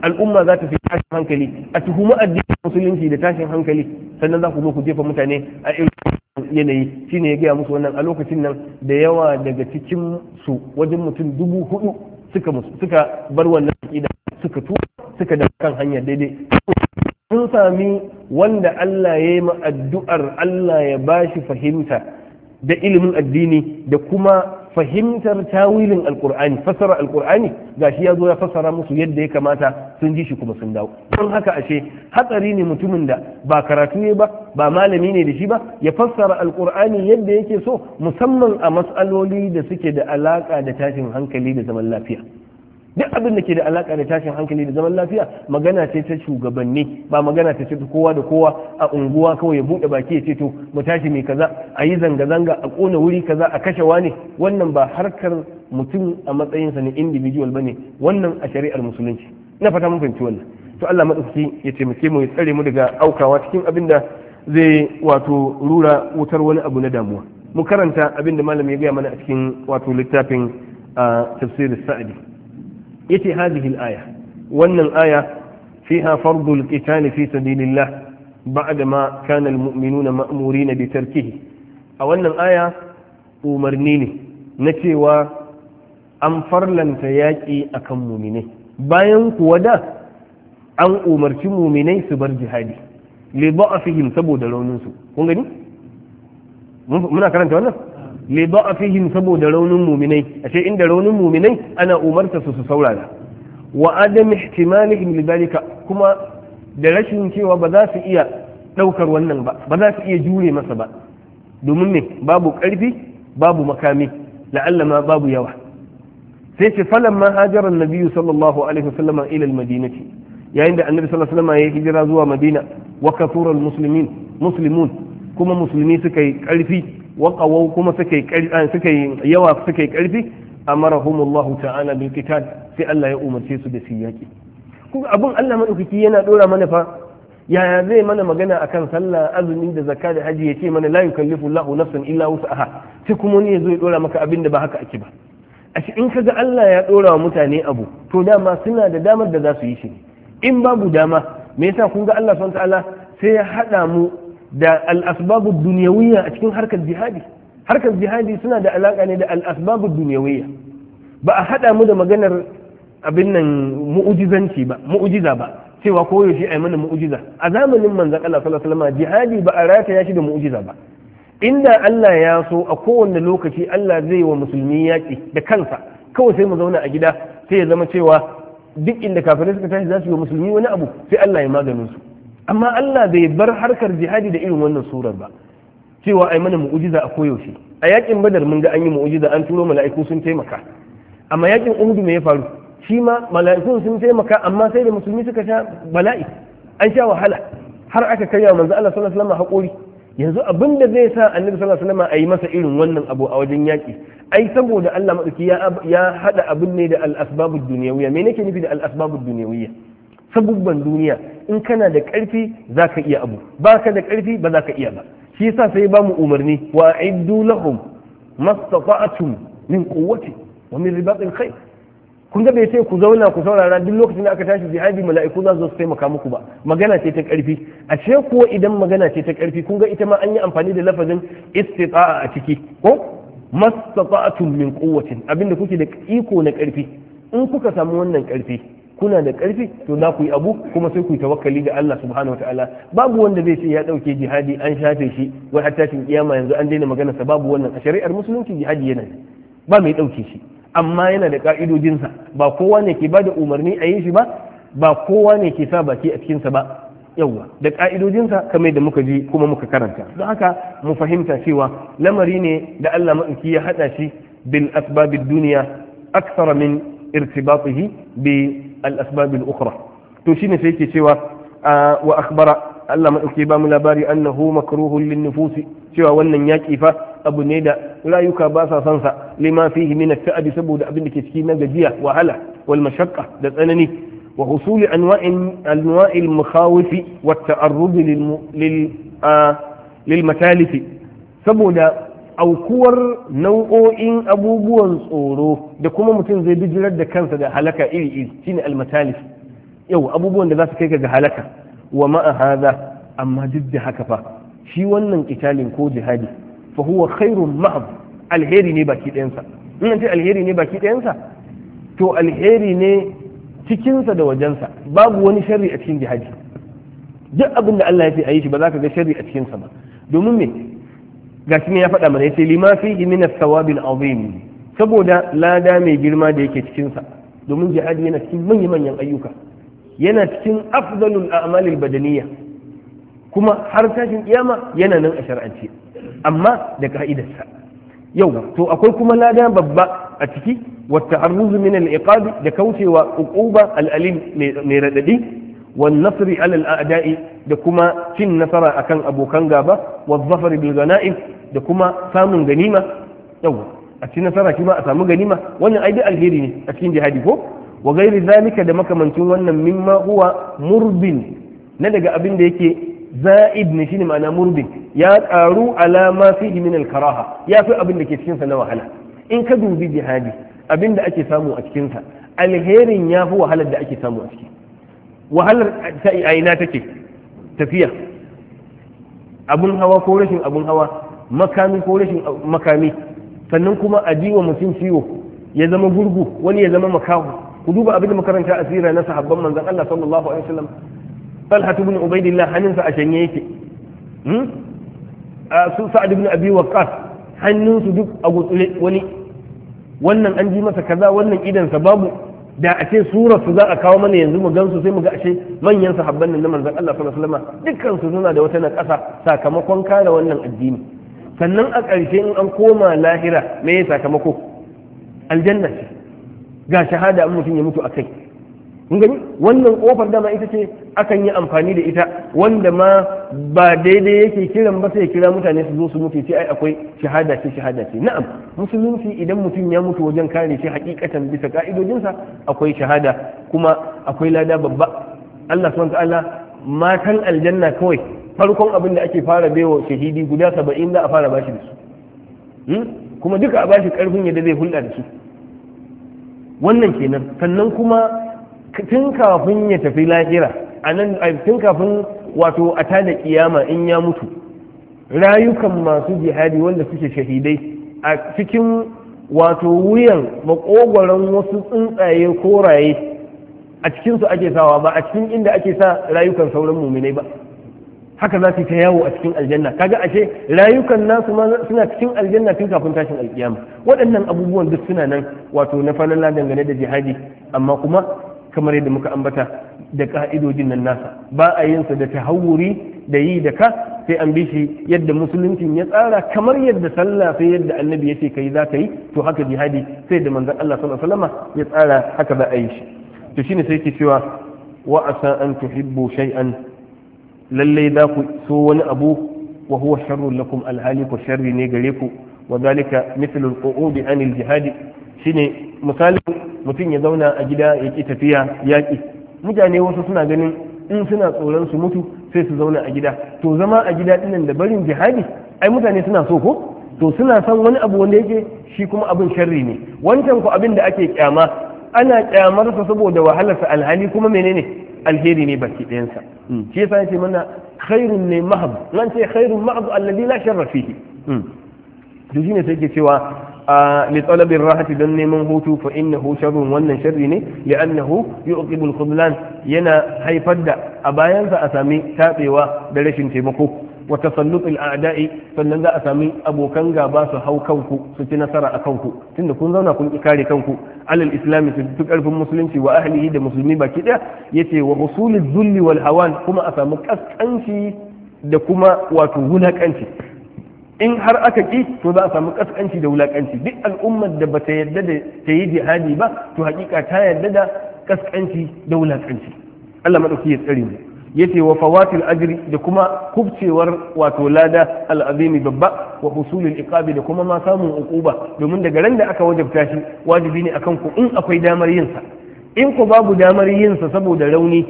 S1: al'umma za ta fi tashin hankali a tuhumi addinin musulunci da tashin hankali sannan za ku zo ku jefa mutane a irin yanayi shi ne ya gaya musu wannan a lokacin nan da yawa daga cikin su wajen mutum dubu hudu suka bar wannan aƙida suka tuwa suka da kan hanya daidai sun sami wanda Allah ya yi addu'ar Allah ya ba shi fahimta da ilimin addini da kuma fahimtar tawilin alkur'ani fassara alkur'ani gashi ya zo ya fassara musu yadda ya kamata sun ji shi kuma sun dawo don haka ashe hatsari ne mutumin da ba karatu ne ba ba malami ne da shi ba ya fassara alkur'ani yadda yake so musamman a matsaloli da suke da alaka da tashin hankali da zaman lafiya duk abin da ke da alaka da tashin hankali da zaman lafiya magana ce ta shugabanni ba magana ce ta kowa da kowa a unguwa kawai ya buɗe baki ya ce to mu tashi mai kaza a yi zanga-zanga a ƙona wuri kaza a kashe wane wannan ba harkar mutum a matsayinsa na individual bane wannan a shari'ar musulunci ina fata mun fahimci wannan to Allah madaukaki ya taimake mu ya tsare mu daga aukawa cikin abin da zai wato rura wutar wani abu na damuwa mu karanta abin da malam ya gaya mana a cikin wato littafin ah, tafsirin sa'adi yace hadhihi al-aya wannan aya fiha fardul qital fi sabilillah ba'da ma kana al-mu'minuna ma'murina bi tarkihi a wannan aya umarni ne na cewa an farlanta yaƙi akan muminai bayan kuwa da an umarci muminai su bar jihadi li fihim saboda rauninsu kun gani muna karanta wannan li da'afihim saboda raunin muminai ashe inda raunin muminai ana umarta su su saurara wa adam ihtimalihim lidalika kuma da rashin cewa ba za su iya daukar wannan ba ba za su iya jure masa ba domin ne babu karfi babu makami la'alla ma babu yawa sai ce falan ma hajara annabi sallallahu alaihi wasallam ila almadinati yayin da annabi sallallahu alaihi wasallam ya hijira zuwa madina wa kathura almuslimin muslimun kuma musulmi suka yi karfi wa kuma suka yawa suka ƙarfi, karfi amarahumullahu ta'ala bil qital sai Allah ya umarce su da su yaƙi. kuma abun Allah madaukaki yana dora mana fa yaya zai mana magana akan sallah azumi da zakka da haji yace mana la yukallifu Allahu nafsan illa wus'aha sai kuma ne yazo ya dora maka abin da ba haka ake ba ashe in kaga Allah ya dora wa mutane abu to dama suna da damar da za su yi shi in babu dama me yasa kun ga Allah subhanahu ta'ala sai ya hada mu da al'asbabu duniyawiyya a cikin harkar jihadi harkar jihadi suna da alaƙa ne da al'asbabu duniyawiyya ba a haɗa mu da maganar abin nan mu'ujizanci ba mu'ujiza ba cewa koyaushe a yi mana mu'ujiza a zamanin manzan Allah sallallahu alaihi wasallam jihadi ba a rataya shi da mu'ujiza ba inda Allah ya so a kowanne lokaci Allah zai wa musulmi yaƙi da kansa kawai sai mu zauna a gida sai ya zama cewa duk inda kafirai suka tashi za su yi wa musulmi wani abu sai Allah ya maganin su amma Allah bai bar harkar jihadi da irin wannan surar ba cewa ai mana mu'ujiza a koyaushe a yakin badar mun ga an yi mu'ujiza an turo mala'iku sun taimaka amma yakin uhud me ya faru shi ma mala'ikun sun taimaka amma sai da musulmi suka sha bala'i an sha wahala har aka kai wa manzo Allah sallallahu alaihi wasallam hakuri yanzu abin da zai sa annabi sallallahu alaihi wasallam a yi masa irin wannan abu a wajen yaki ai saboda Allah madauki ya ya hada abin ne da al-asbabud dunyawiyya me nake nufi da al-asbabud dunyawiyya sabubban duniya in kana da ƙarfi za ka iya abu ba ka da ƙarfi ba za ka iya ba shi yasa sai ba mu umarni wa aiddu lahum mastata'tum min quwwati wa min ribatil khayr kun ga bai ce ku zauna ku saurara duk lokacin da aka tashi jihadi mala'iku za su taimaka muku ba magana ce ta ƙarfi. A ce kuwa idan magana ce ta ƙarfi, kun ga ita ma an yi amfani da lafazin istita'a a ciki ko mastata'tum min quwwatin abinda kuke da iko na ƙarfi. in kuka samu wannan ƙarfi? kuna da karfi to za ku yi abu kuma sai ku yi tawakkali ga Allah subhanahu wataala babu wanda zai ce ya ɗauke jihadi an shafe shi wai har tashin kiyama yanzu an daina magana sa babu wannan a shari'ar musulunci jihadi yana ba mai dauke shi amma yana da ƙa'idojinsa. ba kowa ne ke bada umarni a yi shi ba ba kowa ne ke sa baki a cikinsa ba yawwa da ka'idojinsa kamar da muka ji kuma muka karanta don haka mu fahimta cewa lamari ne da Allah maɗauki ya haɗa shi bil asbabid duniya aksara min irtibatihi bi al-asbab ukra ukhra to shine sai yake cewa wa akhbara Allah madauke ba mu labari annahu makruhun lin-nufusi cewa wannan yaki fa abu ne da rayuka ba sa son sa lima fihi min at-ta'ab saboda abin da ke ciki na gajiya wahala wal mashaqqa da tsanani wa husuli anwa'in anwa'i al-mukhawif lilmatalifi saboda aukuwar nau'o'in abubuwan tsoro da kuma mutum zai bijirar da kansa da halaka iri iri shine almatalif yau abubuwan da za su kai ka ga halaka wa ma'a hada, amma duk da haka fa shi wannan kitalin ko jihadi fa huwa khairun ma'ab alheri ne baki ɗayansa in ce alheri ne baki ɗayansa to alheri ne cikinsa da wajensa babu wani sharri a cikin jihadi duk abin da Allah ya fi a yi shi ba za ka ga sharri a cikinsa ba domin me shi ne ya faɗa mana yace lima fi min as-sawabil azim saboda lada mai girma da yake cikinsa domin jihadi yana cikin manyan manyan ayyuka yana cikin afdalul a'malil badaniyya kuma har tashin kiyama yana nan a shar'ance amma da ka'idarsa yau to akwai kuma lada babba a ciki wata arruzu min al-iqabi da kaucewa uquba al-alim mai radadi wan nasri alal a'da'i da kuma cin nasara akan abokan gaba wa zafari bil ganaim da kuma samun ganima yawa a cikin nasara shi a samu ganima wannan ai alheri ne a cikin jihadi ko wa ghairi zalika da makamancin wannan mimma huwa murbin na daga abin da yake za'id ne shine ma'ana murbin ya karu ala ma fihi min karaha ya fi abin da ke cikin sa na wahala in ka dubi jihadi abin da ake samu a cikinsa alherin ya fi wahalar da ake samu a ciki wahalar a ina take tafiya abun hawa ko rashin abun hawa makami ko rashin makami sannan kuma a ji wa mutum ciwo ya zama gurgu wani ya zama makahu ku duba abin da makaranta asira na sahabban manzon Allah sallallahu alaihi wasallam Talha ibn Ubaidillah hannunsa a shanye yake hmm? su Sa'ad ibn Abi Waqqas su duk a gutsure wani wannan an ji masa kaza wannan idansa babu da a ce surarsu za a kawo mana yanzu mu gansu sai mu ga ashe manyan sahabban nan na manzon Allah sallallahu alaihi wasallam dukkan su suna da wata na ƙasa sakamakon kare wannan addini sannan a ƙarshe in an koma lahira me ya sakamako aljanna ce ga shahada in mutum ya mutu akai. kun gani wannan kofar dama ita ce akan yi amfani da ita wanda ma ba daidai yake kiran ba sai kira mutane su zo su mutu sai ai akwai shahada ce shahada ce na'am musulunci idan mutum ya mutu wajen kare shi hakikatan bisa ka'idojinsa akwai shahada kuma akwai lada babba Allah subhanahu ta'ala matan aljanna kawai farkon abin da ake fara baiwa shahidi guda 70 za a fara bashi da su hmm? kuma duka a bashi karfin yadda zai hulɗa da shi. wannan kenan sannan kuma tun kafin ya tafi lahira a nan tun kafin wato a tada kiyama in ya mutu rayukan masu jihadi wanda suke shahidai a cikin wato wuyan makogwaron wasu tsuntsaye koraye a cikinsu ake sawa ba a cikin inda ake sa rayukan sauran muminai ba haka za su ta yawo a cikin aljanna kaga ashe rayukan nasu ma suna cikin aljanna tun kafin tashin alkiyama waɗannan abubuwan duk suna nan wato na falala dangane da jihadi amma kuma kamar yadda muka ambata da ka'idojin nan nasa ba a yin sa da tahawuri da yi da ka sai an bi shi yadda musuluncin ya tsara kamar yadda sallah sai yadda annabi ya ce kai za ka yi to haka jihadi sai da manzon Allah sallallahu alaihi wasallam ya tsara haka za a yi shi to shine sai yake cewa wa asa an tuhibbu shay'an lallai za ku so wani abu wa huwa sharrun lakum alhali ku sharri ne gare ku wa zalika mithlu al-qu'udi anil jihadi shine misali mutum ya zauna a gida ya ki tafiya yaƙi mutane wasu suna ganin in suna tsoron su mutu sai su zauna a gida to zama a gida dinnan da barin jihadi ai mutane suna so ko to suna son wani abu wanda yake shi kuma abin sharri ne wancan ku abin da ake kyama ana kyamarsa saboda wahalarsa alhali kuma menene alheri ne baki sa, hmm. shi yasa yace mana khairun ne mahab nan ce khairun mahab alladhi la sharra fihi hmm. to shine sai ke cewa li talabin rahati don neman hutu fa hu sharrun wannan sharri ne li'annahu yuqibul khudlan yana haifar da a bayansa a sami tatsewa da rashin taimako wa tasallutul a'da'i sannan za a sami abokan gaba su hau kanku su ci nasara a kanku tunda kun zauna kun kare kanku alal islami su duk karfin musulunci wa ahlihi da musulmi baki daya yace wa husulul zulli wal hawan kuma a samu kaskanci da kuma wato wulakanci in har aka ki to za a samu kaskanci da wulakanci duk al'ummar da bata yarda da ta yi jihadi ba to hakika ta yarda da kaskanci da wulakanci Allah madauki ya tsare mu yace wa fawatil ajri da kuma kubcewar wato lada al'azimi babba wa husulul iqabi da kuma ma samun uquba domin daga ran da aka wajabta shi wajibi ne akan ku in akwai damar yin sa in ku babu damar yin sa saboda rauni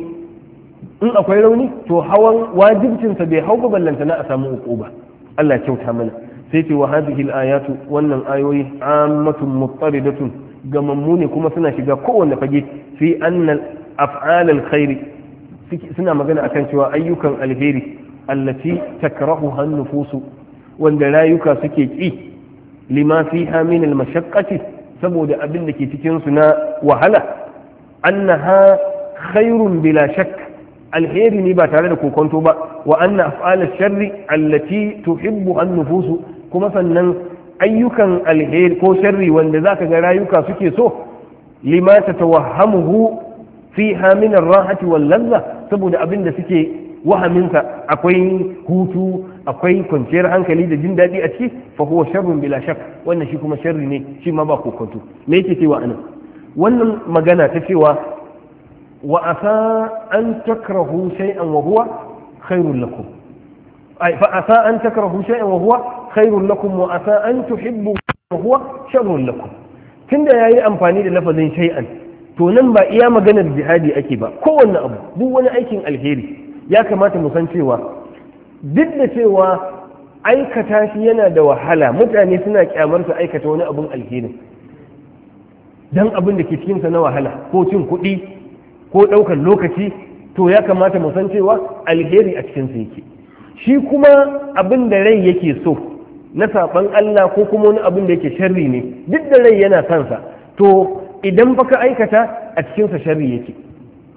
S1: in akwai rauni to hawan wajibcinsa bai hau ballanta na a samu uquba Allah kyauta mana sai ce wa hadhihi ayatu wannan ayoyi ammatun muttaridatun gamammu ne kuma suna shiga kowanne fage fi annal af'al alkhair suna magana akan cewa ayyukan alheri allati takrahu hannufusu wanda rayuka suke ki lima fiha min almashaqqati saboda abin da ke cikin su na wahala annaha khairun bila shakka alheri ne ba tare da kokonto ba wa anna af'ala sharri allati tuhibbu an nufusu kuma sannan ayyukan alheri ko sharri wanda zaka ga rayuka suke so lima tatawahhamuhu fiha min ar-rahati wal ladha saboda abinda suke wahaminsa akwai hutu akwai kwanciyar hankali da jin daɗi a ciki fa huwa sharrun bila shak wannan shi kuma sharri ne shi ma ba kokonto me yake cewa anan wannan magana ta cewa wa asa an takrahu shay'an wa huwa khairul lakum ay fa asa an takrahu shay'an wa huwa khairul lakum wa asa an tuhibbu wa huwa sharrul lakum tunda yayi amfani da lafazin shai'an, to nan ba iya maganar jihadi ake ba kowanne abu duk wani aikin alheri ya kamata mu san cewa duk da cewa aikata shi yana da wahala mutane suna kyamarsa aikata wani abun alheri dan abin da ke cikinsa na wahala ko cin kuɗi ko ɗaukar lokaci to ya kamata mu san cewa alheri a cikin yake shi kuma abin da rai yake so na saɓan Allah ko kuma wani abin da yake sharri ne duk da rai yana sansa to idan baka aikata a cikinsa sharri yake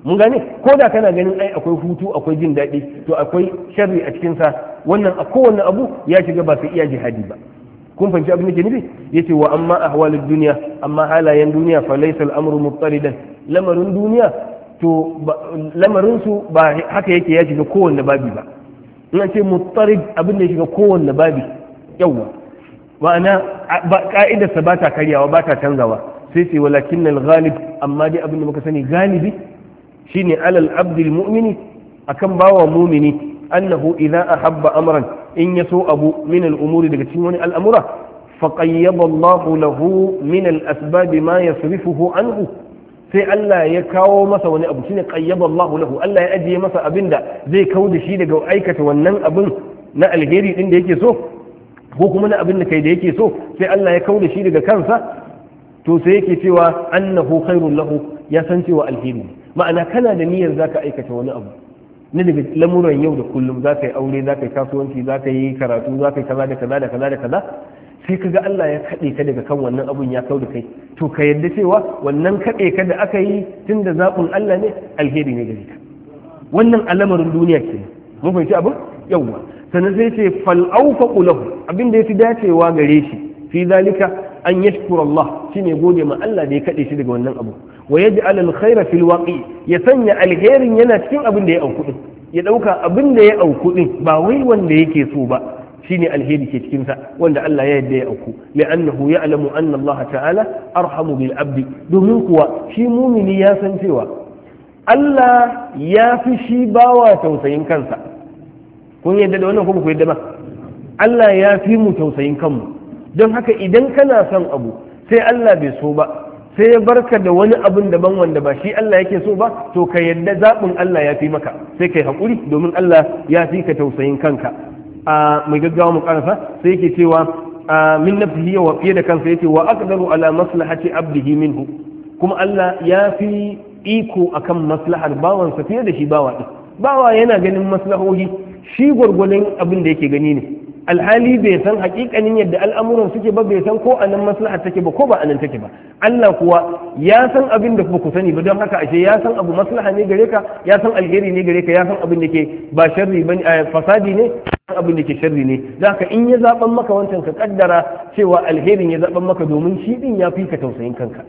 S1: mun gane ko da kana ganin ai akwai hutu akwai jin daɗi to akwai sharri a cikinsa wannan a kowane abu ya shiga ba sai iya jihadi ba kun fahimci abin da ke nufi yace wa amma ahwalud duniya amma halayen duniya fa laysa al-amru muttaridan lamarin duniya to lamarinsu ba haka yake ya shiga kowanne babi ba in ce mutarib abin da ya shiga kowanne babi yawwa ma'ana ka'idarsa ba ta karyawa ba ta canzawa sai ce walakin nan galib amma dai abin da muka sani galibi shine alal abdul mu'mini akan bawa mumini annahu idza ahabba amran in yaso abu min al-umuri daga cikin wani al'amura faqayyada Allahu lahu min al-asbab ma yasrifuhu anhu sai Allah ya kawo masa wani abu shine qayyaba Allah lahu Allah ya ajiye masa abin da zai kau da shi daga aikata wannan abin na alheri din da yake so ko kuma na abin da kai da yake so sai Allah ya kau da shi daga kansa to sai yake cewa annahu khairul lahu ya san cewa alheri ma'ana kana da niyyar zaka aikata wani abu na daga lamuran yau da kullum za ka yi aure za ka yi kasuwanci za ka yi karatu za ka yi kaza da kaza da kaza da kaza sai kaga Allah ya kaɗe ka daga kan wannan abun ya kau da kai to ka yadda cewa wannan kaɗe ka da aka yi tun da zaɓin Allah ne alheri ne gari ka wannan alamarin duniya ke mun fahimci abin yawwa sannan sai ce fal'aufa ulahu abin da ya fi dacewa gare shi fi zalika an yashkura Allah shine gode ma Allah da ya kaɗe shi daga wannan abu wa yaj'al al-khayra fil waqi ya sanya alherin yana cikin abin da ya auku ya ɗauka abin da ya auku ba wai wanda yake so ba shine alheri ke cikin sa wanda Allah ya yarda ya auku li'annahu ya'lamu anna Allah ta'ala arhamu bil abdi domin kuwa shi mumini ya san cewa Allah ya fi shi bawa tausayin kansa kun yadda da wannan kuma ku yadda ba Allah ya fi mu tausayin kanmu don haka idan kana son abu sai Allah bai so ba sai ya barka da wani abun daban wanda ba shi Allah yake so ba to ka yadda zaɓin Allah ya fi maka sai ka yi haƙuri domin Allah ya fi ka tausayin kanka mai gaggawa mu karasa sai yake cewa min nafsihi wa fiye da kansa yace wa aqdaru ala maslahati abdihi minhu kuma Allah ya fi iko akan maslahar bawansa fiye da shi bawa din bawa yana ganin maslahohi shi gwargwadon abin da yake gani ne alhali bai san hakikanin yadda al'amuran suke ba bai san ko anan maslaha take ba ko ba anan take ba Allah kuwa ya san abin da ku sani ba don haka ashe ya san abu maslaha ne gare ka ya san alheri ne gare ka ya san abin da ke ba sharri bane fasadi ne abin da ke sharri ne zaka in ya zaban maka wancan ka kaddara cewa alherin ya zaban maka domin shi din ya fi ka tausayin kanka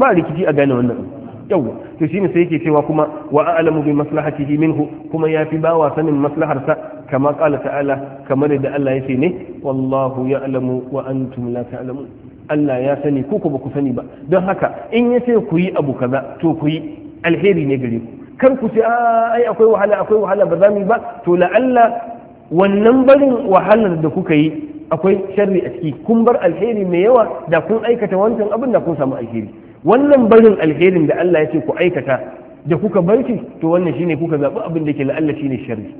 S1: ba rikici a gane wannan yau to shine sai yake cewa kuma wa a'lamu bi maslahatihi minhu kuma yafi bawa sanin maslaharsa kama qala ta'ala kamar da Allah yake ne wallahu ya'lamu wa antum la ta'lamun Allah ya sani ku ku ba ku sani ba don haka in ya ce ku yi abu kaza to ku yi alheri ne gare ku kar ku ce ah, ai akwai wahala akwai wahala ba za mu yi ba to la'alla wannan barin wahalar da kuka yi akwai sharri a ciki kun bar alheri mai yawa da kun aikata wancan abin da kun samu alheri wannan barin alherin da Allah ya ce ku aikata da kuka bar shi to wannan shine kuka zaɓi abin da ke la'alla shine sharri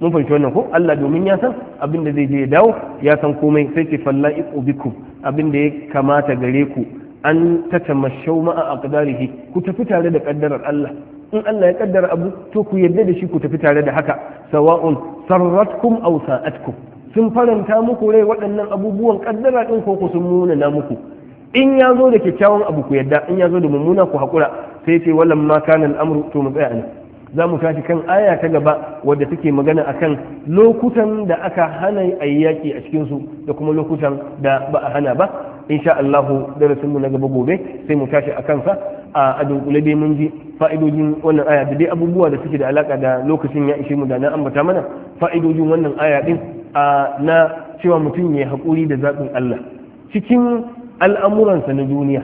S1: mun fahimci wannan ko Allah domin ya san abin da zai je ya dawo ya san komai sai ce falla iqu abin da ya kamata gare ku an tatamashau ma'a aqdarihi ku tafi tare da kaddarar Allah in Allah ya kaddara abu to ku yarda da shi ku tafi tare da haka sawa'un sarratkum aw sa'atkum sun faranta muku rai waɗannan abubuwan kaddara din ko ku sun munana muku in ya zo da kyakkyawan abu ku yadda in ya zo da mummuna ku haƙura sai ce wallan ma kana al'amru to mu tsaya ne za mu tashi kan aya ta gaba wadda take magana akan lokutan da aka hana a yaƙi a cikinsu da kuma lokutan da ba a hana ba insha Allahu darasin mu na gaba gobe sai mu tashi a kansa a dunkule dai mun ji fa'idojin wannan aya da dai abubuwa da suke da alaka da lokacin ya ishe mu da na ambata mana fa'idojin wannan aya din na cewa mutum ya haƙuri da zaɓin Allah cikin al'amuransa na duniya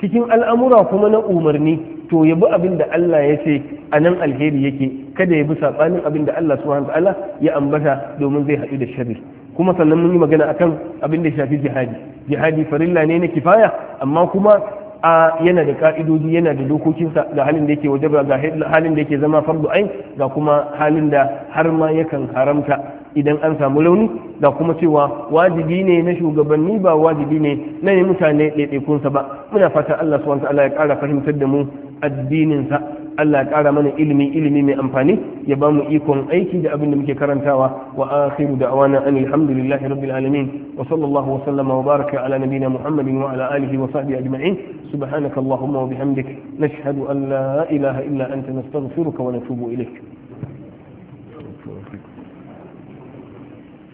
S1: cikin al'amura kuma na umarni to ya bi abin da Allah ya ce a nan alheri yake kada ya bi saɓanin abin da Allah subhanahu ta'ala ya ambata domin zai haɗu da shari kuma sannan mun yi magana akan abin da shafi jihadi jihadi farilla ne na kifaya amma kuma a yana da ka'idoji yana da dokokinsa ga halin da yake wajaba ga halin da yake zama fardu ain ga kuma halin da har ma yakan haramta idan an samu launi da kuma cewa wajibi ne na shugabanni ba wajibi ne na ne mutane ɗaiɗaikunsa ba muna fata Allah subhanahu ta'ala ya ƙara fahimtar da mu addininsa Allah ya ƙara mana ilimi ilimi mai amfani ya ba mu ikon aiki da abin da muke karantawa wa akhiru awana an alhamdulillahi rabbil alamin wa sallallahu wa sallama wa baraka ala nabina muhammadin wa ala alihi wa sahbihi ajma'in subhanaka allahumma wa bihamdik nashhadu an la ilaha illa anta nastaghfiruka wa natubu ilayk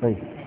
S1: طيب